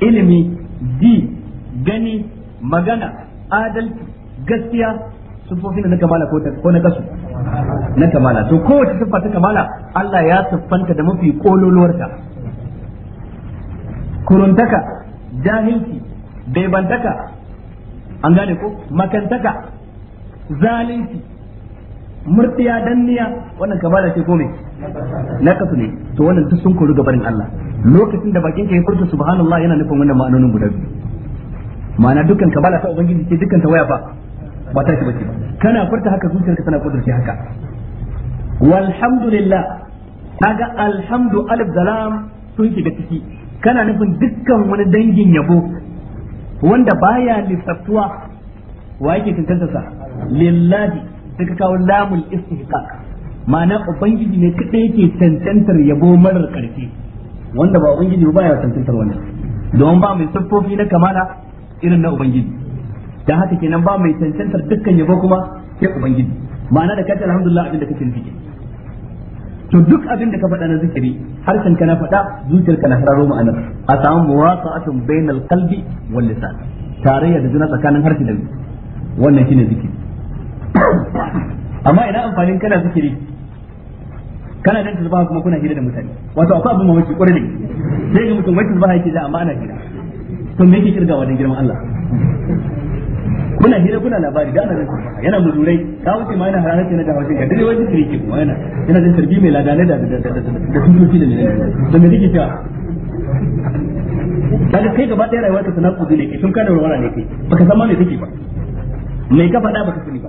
ilimi ji gani magana adalci gaskiya siffofi na kamala ko na kasu na kamala to kowace siffa ta kamala Allah ya siffanta da mafi kololuwarta kuruntaka jahilci bebantaka an gane ko makantaka zalunci murtiya danniya wannan bada ce kome na kasu ne to wannan duk sun koru gabarin Allah lokacin da bakin ka ya furta subhanallah yana nufin wannan ma'anonin guda biyu ma'ana dukkan kabala ta ubangiji ce dukkan ta waya ba ba ta ci bace ba kana furta haka zuciyarka tana ce haka walhamdulillah kaga alhamdu alif zalam sun shiga ciki kana nufin dukkan wani dangin yabo wanda baya lissaftuwa wa yake tantansa sa lillahi sai ka kawo lamul istihqaq ma'ana ubangiji ne kada yake tantantar yabo marar karfi wanda ba ubangiji ba ya tantantar wannan don ba mai siffofi na kamala irin na ubangiji dan haka kenan ba mai tantantar dukkan yabo kuma sai ubangiji ma'ana da kace alhamdulillah abin da kake nufi to duk abin da ka faɗa na zikiri harshen ka na faɗa zuciyar ka na hararo ma'ana a samu muwafaqatun bainal qalbi wal lisan tarayya da juna tsakanin harshe da wannan shine zikiri amma ina amfanin kana zikiri kana dan tasbaha kuma kuna hira da mutane wato akwai abin mamaki kwarai ne sai ga mutum wacce tasbaha yake da amma ana hira to me yake kirga wajen girman Allah kuna hira kuna labari da ana tasbaha yana muzurai ka wuce ma yana hararar na da haushin ka dare wai zikiri ke kuma yana yana da tarbi mai ladane da da da da sunoki da ne da me yake cewa kaga kai gaba ɗaya rayuwarka sanaku kudu ne kai tun kana warwara ne kai baka san ma me kake ba mai ka faɗa baka sani ba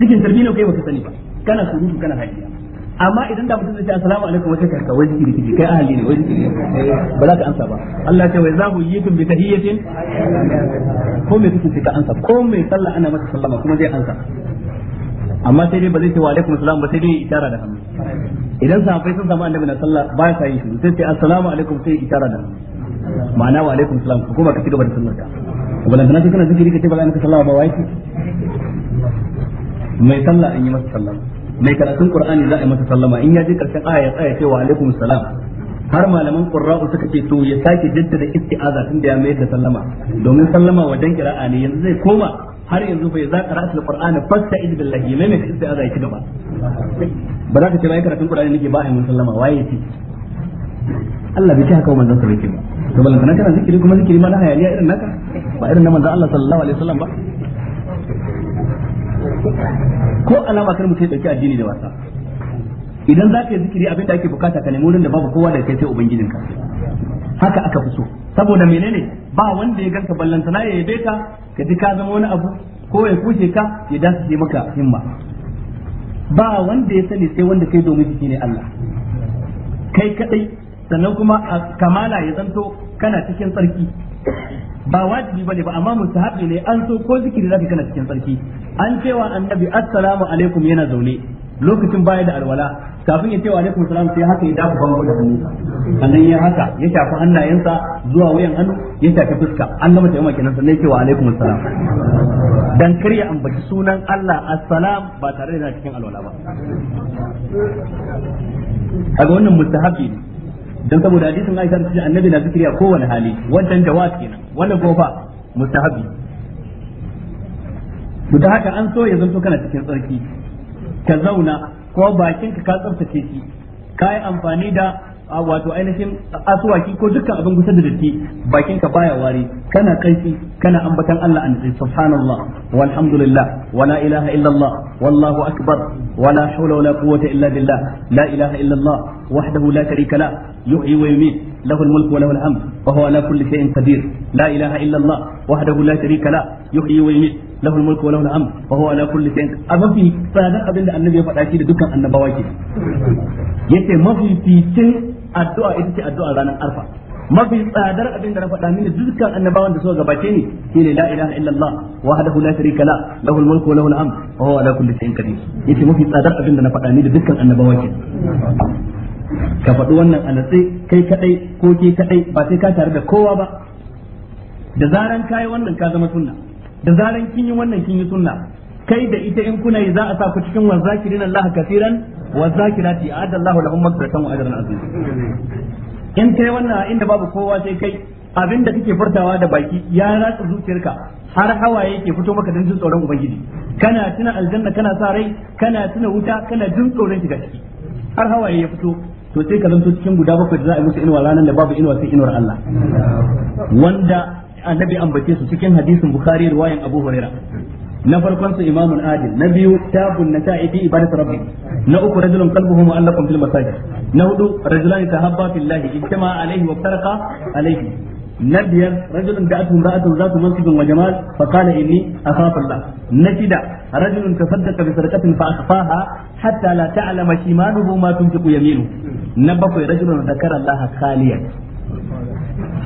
cikin tarbi ne kai baka sani ba kana surutu kana hajiya amma idan da mutum zai ce assalamu alaikum wata karka wai zikiri kike kai ahli ne wai zikiri eh, ba za ka ansa ba Allah ya ce wai zahu yitum bi tahiyatin ko me kike ka ansa ko me sallah ana masa sallama kuma zai ansa amma sai dai ba zai ce wa alaikum assalam ba sai dai isara da hannu idan sahabbai sun samu annabi na sallah ba sa yin shi sai ce assalamu alaikum sai isara da hannu ma'ana wa alaikum assalam kuma ka ci gaba da sallar ka wannan kana kana zikiri kace ba za ka sallama ba wai mai sallah an yi masa sallama mai karatun qur'ani za a yi masa sallama in ya je karshen aya ya tsaya cewa alaikum salam har malaman qurra'u suka ce to ya sake jaddada isti'aza tun da ya mayar da sallama domin sallama wa dan qira'a ne yanzu zai koma har yanzu bai za qira'at al-qur'ani fasta'id billahi mai mai isti'aza ya ci gaba ba za ka ce bai karatun qur'ani nake ba a yi mun sallama waye ce Allah bai ci haka manzon sa bai ce ba to balantana kana zikiri kuma zikiri ma na hayaniya irin naka ba irin na manzon Allah sallallahu alaihi wasallam ba ko alama kar mutum ya dauki addini da wasa idan za ka yi zikiri abin da ake bukata ka nemi wurin da babu kowa da kai sai ka, haka aka fi so saboda menene ba wanda ya ganka ballanta ya yabe ka ka ji ka zama wani abu ko ya kushe ka ya dace maka himma ba wanda ya sani sai wanda kai domin jiki ne Allah kai kadai sannan kuma a kamala ya zanto kana cikin tsarki ba wajibi bane ba amma mustahabi ne an so ko zikiri zaka kana cikin sarki an cewa annabi assalamu alaikum yana zaune lokacin baya da alwala kafin ya cewa alaikum salam sai haka ya dafa bango da hannu sannan ya haka ya shafi hannayensa zuwa wayan hannu ya shafi fuska an gama tayyama kenan sannan cewa alaikum salam dan kar ya ambaci sunan Allah assalam ba tare da cikin alwala ba A ga wannan mustahabi ne dan saboda hadisin Aisha ta ce annabi na zikiri a kowane hali wannan jawab kenan wannan gofa mustahabi Duk haka an so ya zanto kana cikin tsarki ka zauna ko bakinka ka ka tsaftace shi ka yi amfani da wato ainihin asuwaki ko dukkan abin gusar da datti bakin ka baya wari kana kanshi kana ambatan Allah an subhanallah walhamdulillah wala ilaha illallah wallahu akbar wala hawla wala quwwata illa billah la ilaha illallah wahdahu la sharika la yuhyi wa yumiit lahu al-mulku wa lahu al-hamd wa huwa la ilaha illallah wahdahu la sharika la yuhyi wa mulku wa lahu al-hamd wa huwa ala kulli shay'in amafi sadan abinda annabi ya faɗa shi da dukkan annabawa ke yace mafi addu'a ita ce addu'a ranar arfa mafi tsadar abin da na faɗa mini dukkan annabawan da suka gabace ni shine la ilaha illallah wahdahu la sharika la lahul mulku wa lahul hamd wa huwa ala kulli shay'in qadir yace mafi tsadar abin da na faɗa mini da dukkan annabawa ke ka faɗi wannan a natsi kai kadai ko ke kadai ba sai ka tare da kowa ba da zaran kai wannan ka zama sunna da zaran kin yi wannan kin yi sunna kai da ita in kuna yi za a sa ku cikin wazakirin Allah kafiran wazakirati a'adallahu lahum maghfiratan wa ajran azim in kai wannan inda babu kowa sai kai abin da kake furtawa da baki ya ratsa zuciyarka har hawaye ke fito maka don jin tsoron ubangiji kana tuna aljanna kana sa rai kana tuna wuta kana jin tsoron shiga ciki har hawaye ya fito to sai ka zanto cikin guda bakwai da za a musu inuwa ranar da babu inuwa sai inuwar Allah wanda annabi ambace su cikin hadisin bukhari riwayan abu huraira na farkon su imamun adil na biyu tabun na ta'i fi ibadati rabbi na uku rajulun qalbuhu mu'allaqun fil masajid na hudu rajulan tahabba fillahi ijtama alayhi wa tarqa alayhi na biyar rajulun da'atu ra'atun zatu mansibin wa jamal fa qala inni akhafu Allah na shida rajulun tasaddaqa bi sadaqatin fa akhfaha hatta la ta'lama shimaluhu ma tunfiqu yaminu na bakwai rajulun dakara Allah khaliyan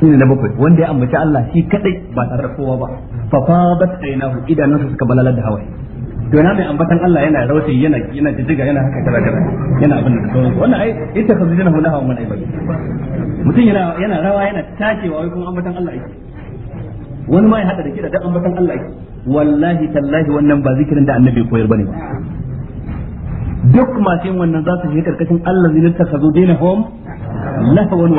shine na bakwai wanda ya ambaci Allah shi kadai ba tare da kowa ba fa fadat aynahu idanunsa suka balalar da hawaye to yana mai ambatan Allah yana rauta yana yana jijiga yana haka kaza kaza yana abin da sauran wannan ai ita ka zuwa hula mun ai bai mutum yana yana rawa yana tacewa wai kuma ambatan Allah yake wani ma ya hada da kira da ambatan Allah yake wallahi tallahi wannan ba zikirin da annabi koyar bane duk masu yin wannan za su je karkashin Allah zai ta kazo dina hom lahwan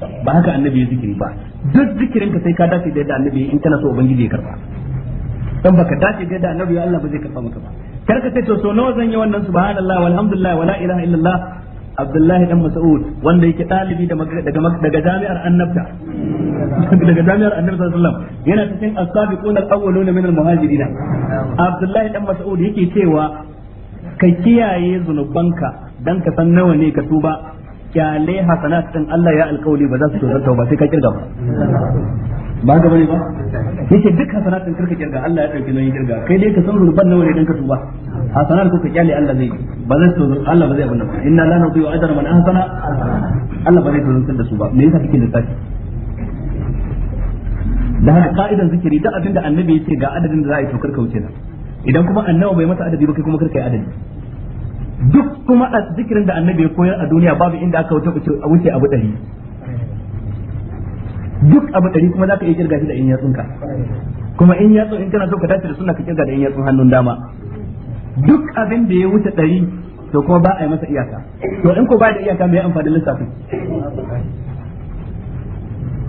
ba haka annabi ya zikiri ba duk zikirin ka sai ka dace da yadda annabi in kana so ubangiji ya karba dan baka dace da yadda annabi Allah ba zai karba maka ba kar ka sai to so nawa zan yi wannan subhanallah walhamdulillah wala ilaha illallah Abdullahi dan Mas'ud wanda yake dalibi daga daga jami'ar Annabta daga jami'ar Annabi sallallahu alaihi wasallam yana cikin as-sabiquna al-awwaluna min al-muhajirin Abdullahi dan Mas'ud yake cewa ka kiyaye zunubanka dan ka san nawa ne ka tuba kyale hasanat din Allah ya alkawali ba za su tozarta ba sai ka kirga ba ba ga bane ba yake duk hasanat din kirka kirga Allah ya dauke nauyin kirga kai dai ka san ruban nawa ne dan ka tuba hasanat ko ka kyale Allah zai ba zai tozar Allah ba zai abunda ba inna la nudhi'u ajra man ahsana Allah ba zai tozarta da su ba me yasa kike lissafi da haka ka'idan zikiri duk abinda annabi yake ga adadin da za a yi to karka wuce idan kuma annabi bai masa adadi ba kai kuma karka yi adadi duk kuma a zikirin da annabi ya koyar a duniya babu inda aka wuce wuce abu ɗari duk abu ɗari kuma za ka iya kirga shi da in ka kuma in yatsun in kana so ka tashi da suna ka kirga da in yatsun hannun dama duk abin da ya wuce ɗari to kuma ba a yi masa iyaka to in ko ba da iyaka mai amfani lissafin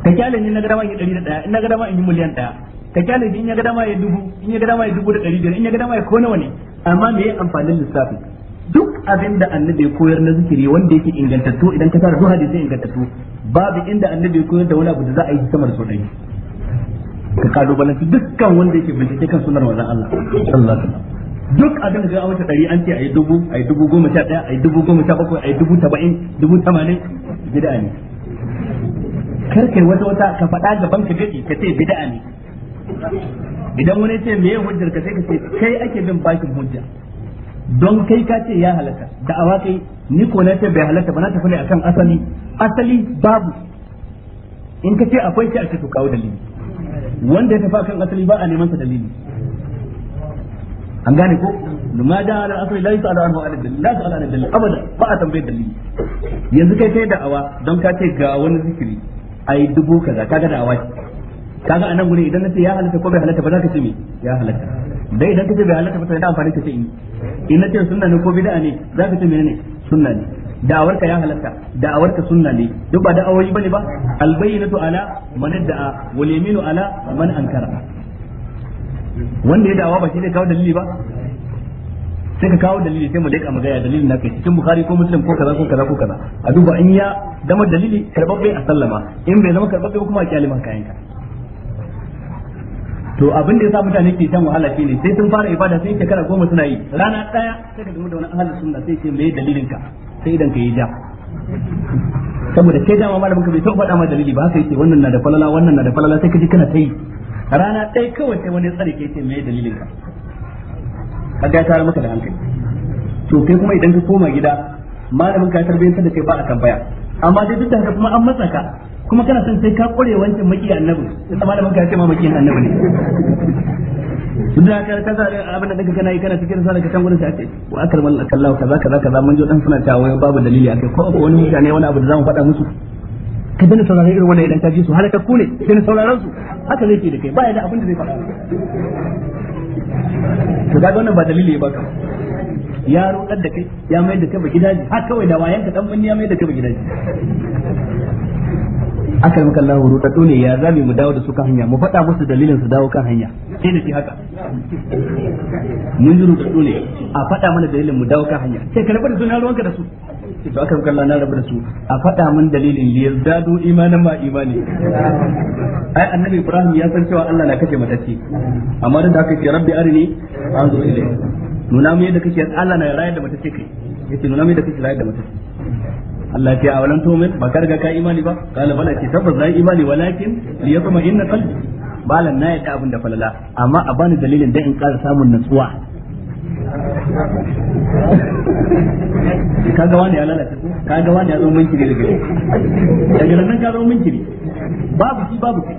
ka kyale ni na ga dama in yi ɗari da ɗaya in na ga dama in yi miliyan ɗaya ka kyale in ya ga dama ya dubu in ya ga dama ya dubu da ɗari biyar in ya ga dama ya ko nawa ne amma me amfani lissafin duk abin da annabi ya koyar na zikiri wanda yake ingantattu idan ka tara duk hadisi ingantattu babu inda annabi ya koyar da wani abu da za a yi samar so dai ka kalubalanci dukkan wanda yake bincike kan sunar wannan Allah sallallahu alaihi duk abin da ga wata dari an ce ayi dubu ayi dubu goma sha daya ayi dubu goma sha bakwai ayi dubu saba'in dubu tamanin bid'a ne kar wata wata ka faɗa gaban ka gaji ka ce bid'a ne idan wani ce me hujjar ka sai ka ce kai ake bin bakin hujja don kai ka ce ya halaka da awa kai ni ko na ce bai halaka ba na tafi ne akan asali asali babu in ka ce akwai sai a ce to kawo dalili wanda ya tafi akan asali ba a neman sa dalili an gane ko ma da ala asali la yusala anhu ala dalil la yusala ala dalil abada ba a tambaye dalili yanzu kai kai da'awa don ka ce ga wani zikiri ai dubu kaza kaga da'awa kaga anan gure idan nace ya halaka ko bai halaka ba za ka ce me ya halaka. dai idan kace bai halaka ba sai da amfani kace in in nace sunna ne ko bid'a ne zaka ce menene sunna ne da'awar ka ya halaka da'awar ka sunna ne duk ba da'awoyi bane ba albayyinatu ala man da'a wal yaminu ala man ankara wanda ya da'awa ba shi ne kawo dalili ba sai ka kawo dalili sai mu leka mu gaya dalilin naka cikin bukhari ko muslim ko kaza ko kaza ko kaza a duba in ya dama dalili karbabbe a sallama in bai zama karbabbe kuma a kyalima kayan ka to abin da yasa mutane ke shan wahala shine sai sun fara ibada sai shekara goma suna yi rana daya sai ka gamu da wani ahlus sunna sai ce mai dalilin ka sai idan ka yi ja saboda kai dama malamin ka bai taɓa faɗa ma dalili ba haka yake wannan na da falala wannan na da falala sai ka ji kana ta yi rana ɗaya kawai sai wani tsare ke ce mai dalilin ka kaga ya tare maka da hankali to kai kuma idan ka koma gida malamin ka tarbiyyantar da kai ba a tambaya amma dai duk da haka kuma an matsaka kuma kana son sai ka kware wancan maki annabi sai da ka ce ma maki annabi ne duk da ka kaza abin da daga kana yi kana cikin sanaka ka gurin sai ce wa akal mal kaza kaza kaza mun jo dan suna tawaye babu dalili akai ko wani mutane wani abu da zamu faɗa musu ka dana saurare irin wannan idan ka ji su har ka ne sai sauraron su haka zai ke da kai ya da abin da zai faɗa to ga wannan ba dalili ba ka ya rudar da kai ya mai da kai ba gidaje har kawai da wayanka dan mun ya mai da kai ba gidaje aka yi makan lahu rudaddu ne ya zami mu dawo da su kan hanya mu faɗa musu dalilin su dawo kan hanya sai na ce haka mun yi rudaddu ne a faɗa mana dalilin mu dawo kan hanya sai ka rabu da su na ruwanka da su to aka yi lahu na rabu da su a faɗa mana dalilin li yazdadu imanin ma imani ai annabi ibrahim ya san cewa Allah na kashe matacce amma da aka ce rabbi arini anzu ilayka nuna mu yadda kake Allah na rayar da matacce kai yace nuna mu yadda kake rayar da matacce Allah ya awalan tumin ba ka riga ka imani ba kana bala ce tabbas zai imani walakin li yasma inna qalbi balan na yadda abin da falala amma a bani dalilin da in ƙara samun nutsuwa kaga wani ya lalata kaga wani ya zo minkiri daga daga nan ka zo minkiri babu shi babu shi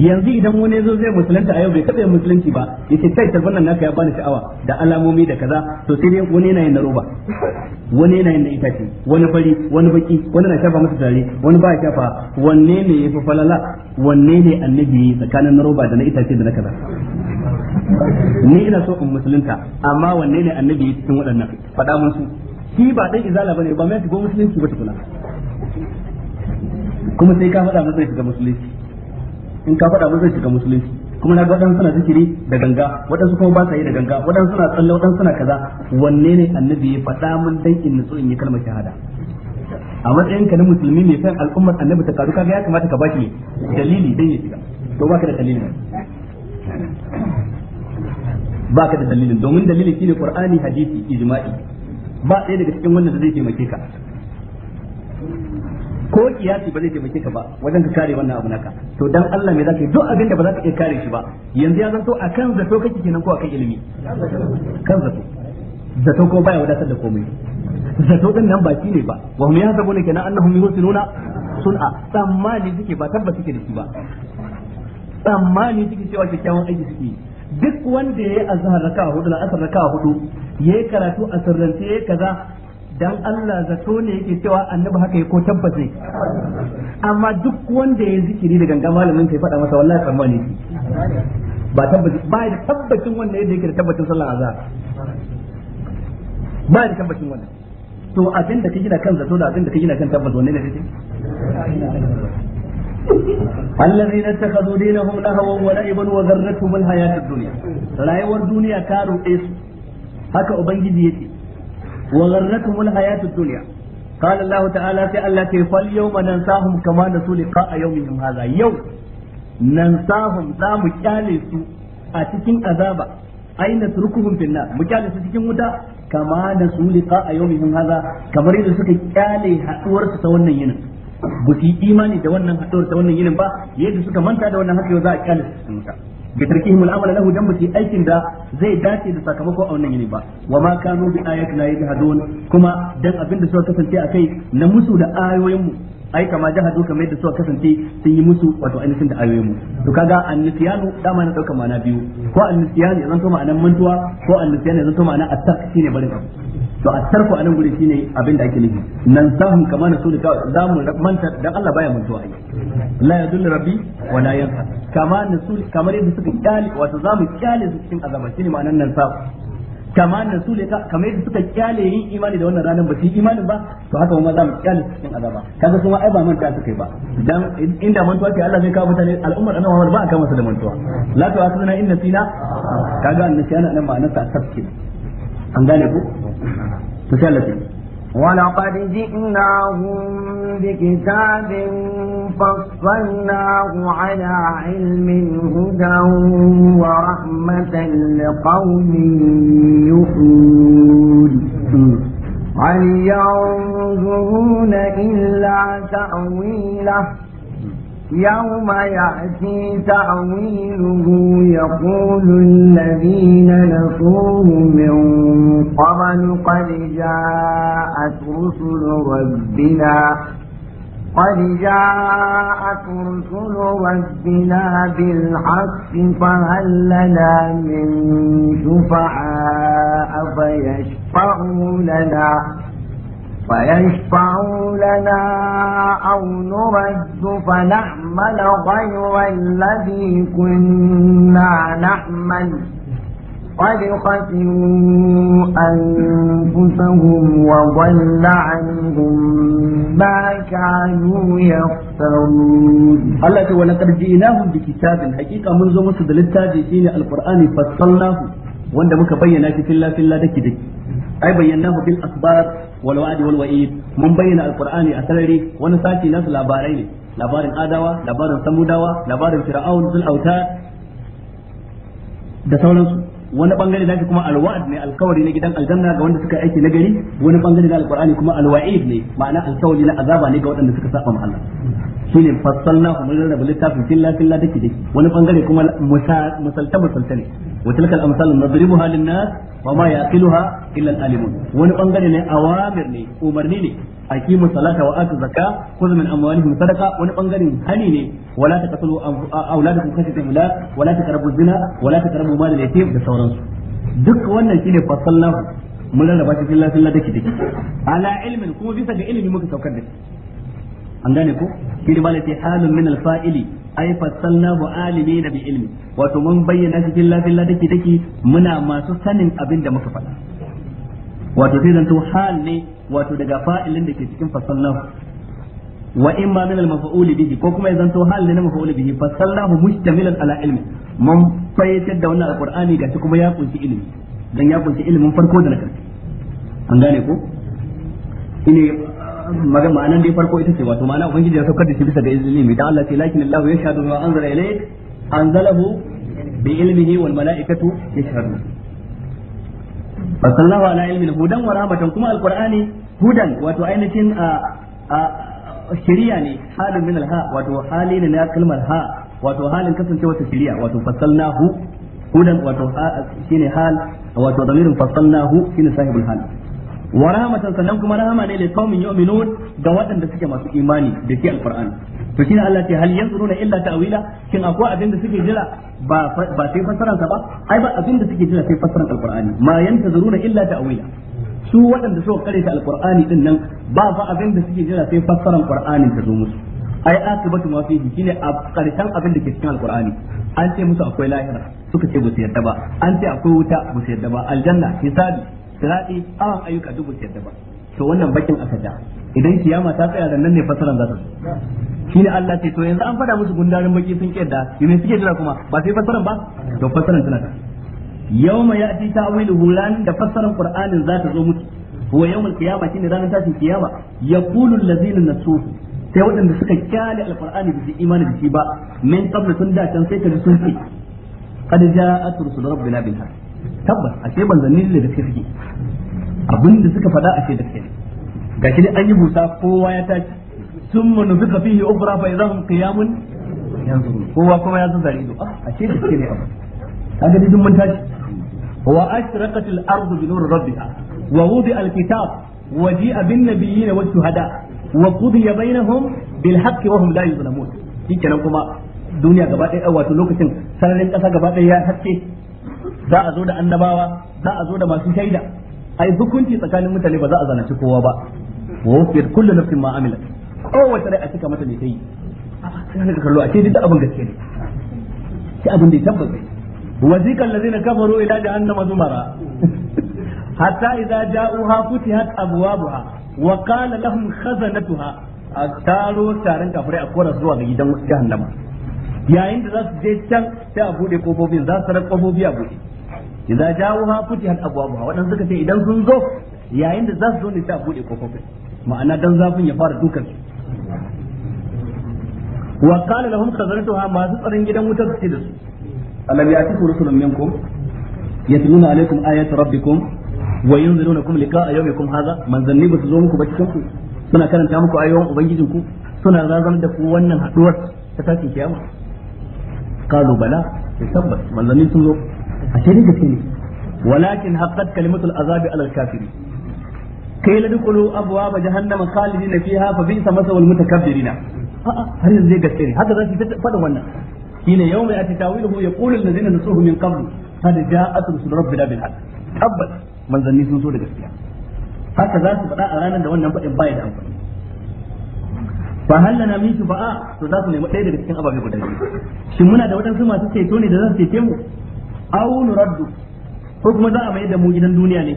yanzu idan wani zo zai musulunta a yau bai taɓa musulunci ba yace kai tarban nan naka ya bani sha'awa da alamomi da kaza to sai dai wani yana yin na roba wani yana yin na itace wani fari wani baki wani na shafa masa tare wani ba ya shafa wanne ne ya fi falala wanne ne annabi tsakanin na roba da na itace da na kaza ni ina so in musulunta amma wanne ne annabi cikin waɗannan faɗa mun su shi ba dan izala bane ba mai shigo musulunci ba tukuna kuma sai ka faɗa masa shiga musulunci in ka faɗa ba zai shiga musulunci kuma na ga waɗansu suna zikiri da ganga waɗansu kuma ba sa yi da ganga waɗansu suna tsalle waɗansu suna kaza wanne ne annabi ya faɗa mun dan in nutsu in yi kalmar shahada a matsayin ka na musulmi mai san al'ummar annabi ta karu kaga ya kamata ka baki dalili dan ya shiga to baka da dalili baka da dalilin domin dalili shine qur'ani hadisi ijma'i ba ɗaya daga cikin wannan da zai taimake ka ko kiyasi ba zai taimake ka ba wajen ka kare wannan abu naka to dan Allah me zaka yi duk abin da ba zaka iya kare shi ba yanzu ya zanto akan zato kake kenan ko akan ilimi kan zato zato ko baya wadatar da komai zato din nan baki ne ba wa hum ne kenan annahum yusinuna sun'a tsammani suke ba tabbata suke da shi ba tsammani suke cewa kyakkyawan aiki suke duk wanda ya yi azhar raka hudu na asar raka hudu ya yi karatu a sirrance ya kaza dan Allah zato ne yake cewa annabi haka ya ko tabbas ne amma duk wanda ya zikiri da ganga malamin sai faɗa masa wallahi tsammani ne ba tabbaci ba da tabbacin wanda yake da tabbacin sallar azhar ba da tabbacin wannan to abin da ka gina kan zato da abin da ka gina kan tabbas wanne ne kake الذين اتخذوا دينهم لهوا ولعبا وغرتهم الحياة الدنيا rayuwar duniya ta ruɗe su haka ubangiji yake وغرتهم الحياة الدنيا قال الله تعالى في الله فاليوم ننساهم كما نسوا لقاء يومهم هذا يوم ننساهم لا مكالس أتكين أذابا أين نتركهم في النار مكالس تكين مدى كما نسوا لقاء يومهم هذا كما ريد سكي كالي حقور تتوانا ينا بسي إيماني توانا حقور تتوانا ينا با يد سكي منتا توانا حقور ذا كالس تتوانا bi tarkihim al-amala lahu dan baki aikin da zai dace da sakamako a wannan yini ba wa ma kanu bi ayatina yajhadun kuma dan abinda suka kasance akai na musu da ayoyin mu ai kama jahadu kamar yadda suka kasance sun yi musu wato ainihin da ayoyin mu to kaga annisiyanu dama na daukar ma'ana biyu ko annisiyanu ya zanto ma'anan mantuwa ko annisiyanu ya zanto ma'ana attak shine barin abu to attarku anan guri shine abin da ake nufi nan sahun kama na so da za manta dan Allah baya mantuwa ai la yadullu rabbi wala yanha kama nasul kamar yadda suka kyale wato zamu mu kyale su cikin azaba shine ma'anar nan sa kama nasul kamar yadda suka kyale yin imani da wannan ranar ba su yi imanin ba to haka kuma zamu mu kyale su cikin azaba kaga kuma ai ba manta suka yi ba dan inda mantuwa ke Allah zai kawo mutane al'ummar annabi Muhammad ba a kama su da mantuwa la ta asuna inna sina kaga annabi yana nan ma'anar sa tafkin an gane ku to sai Allah ولقد جئناهم بكتاب فصلناه على علم هدى ورحمة لقوم يؤمنون هل ينظرون إلا تأويله يوم يأتي تعويله يقول الذين نصوه من قبل قد جاءت رسل ربنا قد جاءت رسل ربنا بالحق فهل لنا من شفعاء فيشفعوا لنا فيشفعوا لنا أو نرد فنعمل غير الذي كنا نعمل قد خسروا أنفسهم وضل عنهم ما كانوا يفترون الله ولقد جئناهم بكتاب حقيقة منذ مسد للتاجئين القرآن فصلناه wanda muka bayyana shi filla filla daki daki ai bayyana bil asbar wal wa'd wal wa'id mun bayyana alqur'ani a sarari wani sashi na labarai ne labarin adawa labarin samudawa labarin fir'aun zul auta da sauransu wani bangare da kuma alwa'd ne alkawari na gidan aljanna ga wanda suka aiki nagari wani bangare na alqur'ani kuma alwa'id ne ma'ana alkawari na azaba ne ga waɗanda suka saba ma shine fassalna kuma mun rabu littafin filla filla dake dake wani bangare kuma musalta musalta ne wa tilkal amsalun nadribuha lin nas wa ma yaqiluha illa alimun wani bangare ne awamir ne umarni ne aqimu salata wa atu zakka khudh min amwalihim sadaqa wani bangare ne wala taqtulu auladakum khashyata wala taqrabu zina wala taqrabu mal yatim da sauransu duk wannan shine fassalna mun rarraba shi filla filla dake dake ala ilmin kuma bisa ga ilimi muka saukar da shi an gane ko shi ne malai halun min alfa'ili ai fassalna bu alimi da bi ilmi wato mun bayyana cikin dake dake muna masu sanin abin da muka faɗa wato sai zanto hal ne wato daga fa'ilin da ke cikin fassalna wa in ma min bihi ko kuma hal ne na maf'ul bihi mustamilan ala ilmi mun fayyace da wannan alqur'ani kuma ya kunshi dan ya kunshi farko da na karshe an gane ko ine magana ma'anan dai farko ita ce wato ma'ana ubangiji ya saukar da shi bisa ga izini mai da Allah ce lakin Allah ya shahadu wa anzala ilayk anzalahu bi ilmihi wal malaikatu yashhadu fasallahu ala ilmin hudan wa rahmatan kuma alqur'ani hudan wato ainihin a shiriya ne halin min alha wato hali ne na kalmar ha wato halin kasancewa ta shiriya wato fasalnahu hudan wato shine hal wato damirin fasalnahu shine sahibul hal wa rahmatan sannan kuma rahama ne lil qaumin yu'minun ga waɗanda suke masu imani da shi alqur'ani to shine Allah ce hal yanzuruna illa ta'wila kin akwai abinda suke jira ba ba sai fassaran sa ba ai ba abinda suke jira sai fassaran alqur'ani ma yantazuruna illa ta'wila su waɗanda suka kare ta alqur'ani din nan ba ba abinda suke jira sai fassaran qur'anin ta zo musu ai akibatu ma fihi shine a karshen abin da ke cikin alqur'ani an ce musu akwai lahira suka ce ba su yadda ba an ce akwai wuta ba su yadda ba aljanna hisabi sirati a ayyuka duk ba yadda ba to wannan bakin asada idan kiyama ta tsaya nan ne fasaran za ta shine Allah ce to yanzu an fada musu gundarin baki sun kiyarda me suke jira kuma ba sai fasaran ba to fasaran tana ta yawma ya'ti ta'wiluhu lan da fasaran qur'anin za ta zo musu wa yawmul qiyamah shine ranar tashin kiyama yaqulu allazina tsohu. sai waɗanda suka kyale alqur'ani da imani da shi ba min qabla tun da can sai ka ji sun ce qad ja'at rusul rabbina bil haqq tabbas ashe manzanni ne da suke suke abin da suka faɗa ashe da Ga shi dai an yi busa kowa ya tashi sun manufika fihi ukhra fa idahum qiyamun yanzurun kowa kuma ya zuzare ido ah, ashe da suke ne abu kaga dai duk mun tashi wa ashraqat al-ardu bi nur rabbiha wa wudi'a al-kitab wa ji'a bin nabiyyin wa shuhada wa qudiya bainahum bil haqqi wa hum la yuzlamun shikenan kuma duniya gaba ɗaya wato lokacin sararin ƙasa gaba ɗaya ya haske za a zo da annabawa za a zo da masu shaida ai hukunci tsakanin mutane ba za a zanaci kowa ba wa wufiyat kullu nafsin ma amilat kowace rai a cika mata ne ta yi sai ka kallo a ce duk abin gaske ne sai abin da ya tabbata wazika allazina kafaru ila jahannama zumara hatta idza ja'uha futihat abwabuha wa qala lahum khazanatuha a taro taron kafirai a kora zuwa ga gidan jahannama yayin da za su je can sai a bude kofofin za su rar kofofi a bude idza ja'uha futihat abwabuha wadan suka ce idan sun zo yayin da za su zo ne sai a bude kofofin ma'ana dan zafin ya fara dukan su wa qala lahum khazaratuha masu tsarin gidan wutar su ce da su alam ya'tiku rusulun minkum yatluna alaikum ayati rabbikum wa yunzirunakum liqa'a yawmikum hadha manzanni ba su zo muku ba cikin ku suna karanta muku ayoyin ubangijin ku suna razan da ku wannan haduwar ta tashin kiyama qalu bala tabbas manzanni sun zo a shirin gaske ne walakin haqqat kalimatul azabi alal kafiri kai la dukulu abwaaba jahannama khalidina fiha fa bi'sa masawul mutakabbirina a'a har yanzu gaske ne haka zasu faɗa wannan shine yawma yati tawiluhu yaqulu allazina nasuhu min qabl qad ja'at rusul rabbina bil haqq tabbas manzanni sun so da gaskiya haka za su faɗa a ranar da wannan faɗin baya da amfani fa hallana min shufa'a to za su nemi ɗaya daga cikin ababe guda biyu shin muna da waɗansu masu ceto ne da za su cece mu aw nuraddu ko kuma za a mai da mu gidan duniya ne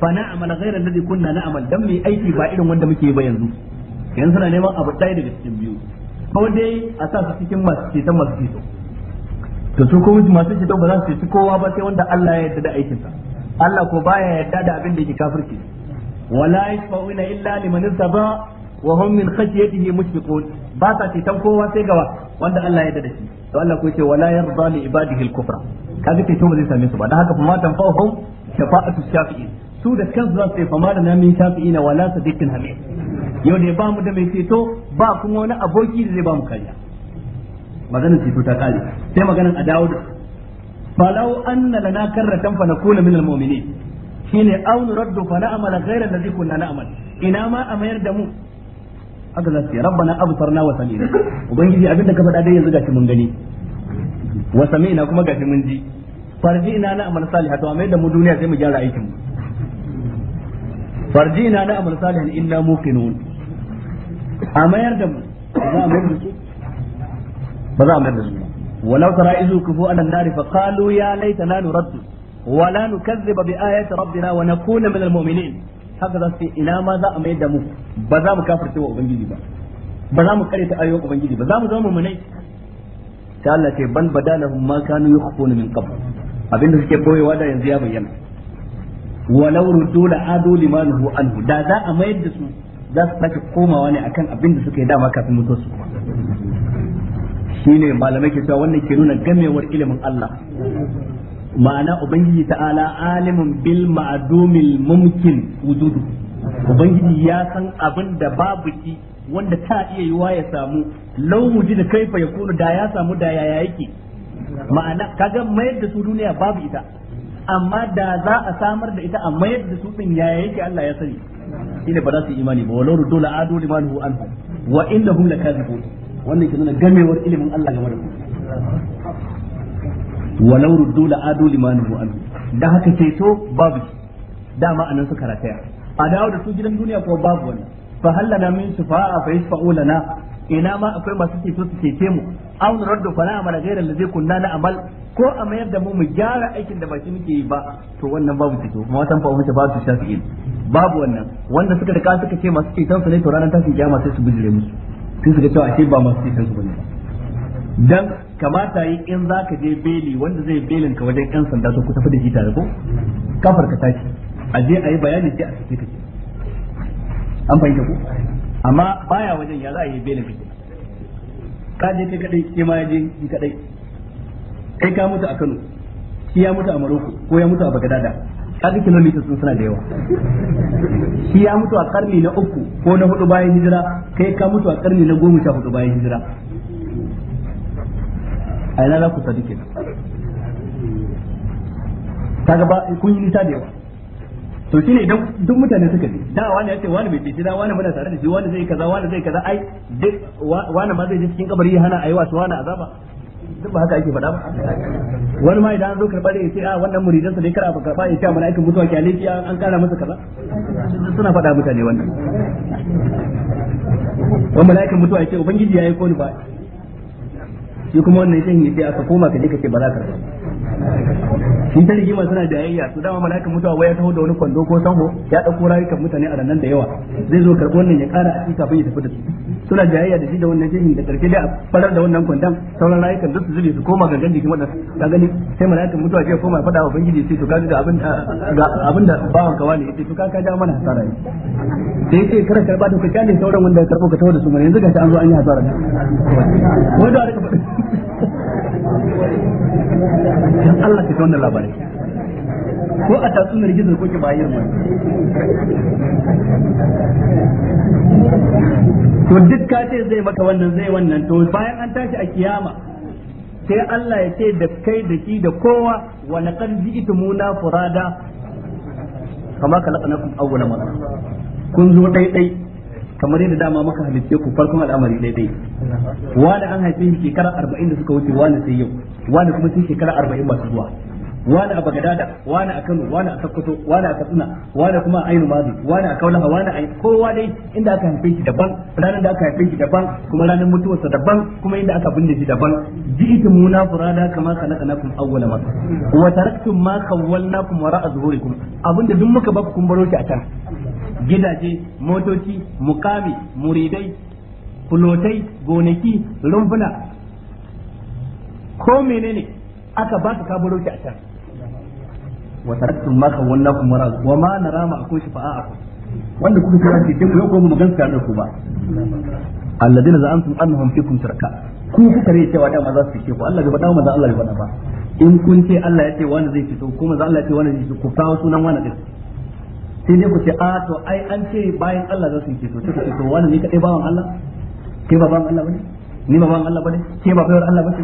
fa na amala ghayra alladhi kunna na'mal dan mai aiki ba irin wanda muke ba yanzu yanzu suna neman abu ɗaya daga cikin biyu ko dai a sa su cikin masu ceton masu ceto to su ko masu ceto ba za su ceci kowa ba sai wanda Allah ya yarda da aikin sa Allah ko baya yarda da abin da yake kafirci wala yashfa'una illa liman irtada wa hum min khashyatihi mushfiqun ba sa ceton kowa sai gawa wanda Allah ya yarda da shi to Allah ko ce wala yarda li ibadihi al-kufra kaga ceto ba zai same su ba dan haka kuma tanfa'uhum shafa'atu shafi'in su da kansu za su yi fama da namin shafi'ina wala sadiqin hamid yau da ba mu da mai ceto ba kuma wani aboki da zai ba mu kariya maganar ceto ta kare sai maganar a dawo da falau anna lana karratan fa nakuna minal mu'minin shine aw nuraddu fa na'mal ghayra alladhi kunna na'mal ina ma a mayar da mu haka za su ce rabbana absarna wa sami'na ubangiji abinda ka faɗa dai yanzu gashi mun gani wa sami'na kuma gashi mun ji farjina na amal salihan to amma da mu duniya sai mu gyara aikin mu farjina na amal salihan inna muqinun a mayar da mu za a mayar da su ba za a mayar da su walau tara izu kufu ala nari fa qalu ya laitana nuraddu ولا نكذب بآيات ربنا ونكون من المؤمنين haka za su ce ina ma za a mayar da mu ba za mu kafirce wa ubangiji ba ba za mu karanta ayoyin ubangiji ba za mu zama munai ta Allah ce ban badalahum ma kanu yukhfuna min qabl abinda suke boyewa da yanzu ya bayyana walau ruddu la adu limanhu anhu da za a mayar da su za su sake komawa ne akan abinda suka yi dama kafin mutu su shine malamai ke cewa wannan ke nuna gamewar ilimin Allah ma'ana ubangiji ta'ala alimun bil ma'dumil mumkin wujudu ubangiji ya san abin da babu ki wanda ta iya yiwa ya samu lau wujida kaifa kunu da ya samu da ya yake ma'ana kaga mayar da su duniya babu ita amma da za a samar da ita a mayar da su din yaya yake Allah ya sani ina ba za su imani ba walau rudu la adu liman hu anhu wa innahum lakazibun wannan ke gamewar ilimin Allah game da walau ruddu la adu limanahu anhu da haka ceto babu dama anan suka rataya a dawo da su gidan duniya ko babu wani fa hallana min shafa'a fa yashfa'u lana ina ma akwai masu ceto su cece mu aw raddu fa na'mal kunna ko a mayar da mu mu gyara aikin da ba shi muke yi ba to wannan babu ceto kuma watan fa umma ba shafi'in babu wannan wanda suka rika suka ce masu ceton ne to ranar tashin kiyama sai su bijire musu sai su ga cewa ashe ba masu ceton bane ba dan kamata yi in za ka je beli wanda zai belin ka wajen yan sanda to ku tafi da shi tare ko kafar ka tashi a je a yi bayani sai a sake ka an fahimta ku amma baya wajen ya za a yi belin ka ka je kai kadai ke ma ya je kai kadai kai ka mutu a Kano shi ya mutu a Maroko ko ya mutu a Bagdada kaga kilomita sun suna da yawa shi ya mutu a karni na uku ko na hudu bayan hijira kai ka mutu a karni na goma sha hudu bayan hijira a yana za ku sadu ke nan ta gaba kun yi nisa da yawa to shine idan duk mutane suka ji da wani ya ce wani bai ce da wani muna tare da shi wani zai kaza wani zai kaza ai duk wani ma zai je cikin kabari ya hana ayi wasu wani azaba duk ba haka ake faɗa ba wani ma idan an zo karɓar ya ce a wannan muridan sa ne kar a karɓa ya ce mana aikin mutuwa kyale ki an kara masa kaza suna faɗa mutane wannan wani mala'ikan mutuwa ya ce ubangiji ya yi ko ni ba shi kuma wannan ne sai aka koma ka je ka ce ba za ka shi ta rigima suna jayayya su dama mala'ikan mutuwa waya taho da wani kwando ko sanho ya dauko rayukan mutane a rannan da yawa zai zo karɓi wannan ya ƙara a cikin kafin ya tafi da su suna jayayya da shi da wannan shehin da karke da farar da wannan kwandon sauran rayukan duk su zube su koma ga jikin kuma da ka gani sai mala'ikan mutuwa ke koma faɗa wa bangiji sai to kaji da abin da abin da bawan kawa ne sai to ka ka ja mana hasara ne sai sai kar ka ba to ka kyale sauran wanda ya karɓo ka taho da su mana yanzu ga an zo an yi hasara ko da aka faɗa dan Allah ka wannan labarai. ko a tatsunar gizo ko ki bayar mai to duk ka ce zai maka wannan zai wannan to bayan an tashi a kiyama sai Allah ya ce da kai da shi, da kowa wa laqad muna furada kama kalaqnakum awwala marra kun zo dai dai kamar yadda dama muka halitta ku farkon al'amari dai wani an haife shi shekara arba'in da suka wuce wani sai yau wani kuma sai shekara arba'in masu zuwa wani a bagadada wani a kano wani a sokoto wani a katsina wani kuma a ainu mazi wani a kaulaha wani a kowa dai inda aka haife shi daban ranar da aka haife shi daban kuma ranar mutuwarsa daban kuma inda aka binne shi daban ji'itu muna furada kama khalaqnakum awwala marra wa taraktum ma khawwalnakum wara'a kuma abinda duk muka baku kun baro shi a can gidaje motoci mukami muridai fulotai gonaki rumfuna ko menene aka ba ka kaburo ki a can wa taraktum ma kawallakum mara wa ma nara ma a kun wanda kuka kira ce ku yau ko mu ganka da ku ba za'an alladina za'antum annahum kun shirka ku kuka rai cewa dama za su ce ku Allah bai faɗa maza Allah ya faɗa ba in kun ce Allah ya ce wani zai fito kuma za Allah ya ce wani zai fito ku kawo sunan wani ɗin sai dai ku ce a ah, to ai an ce bayan Allah za su yi ceto sai ku to wani ni kadai bawan Allah kai ba bawan Allah bane ni ba bawan Allah bane kai ba baiwar Allah bace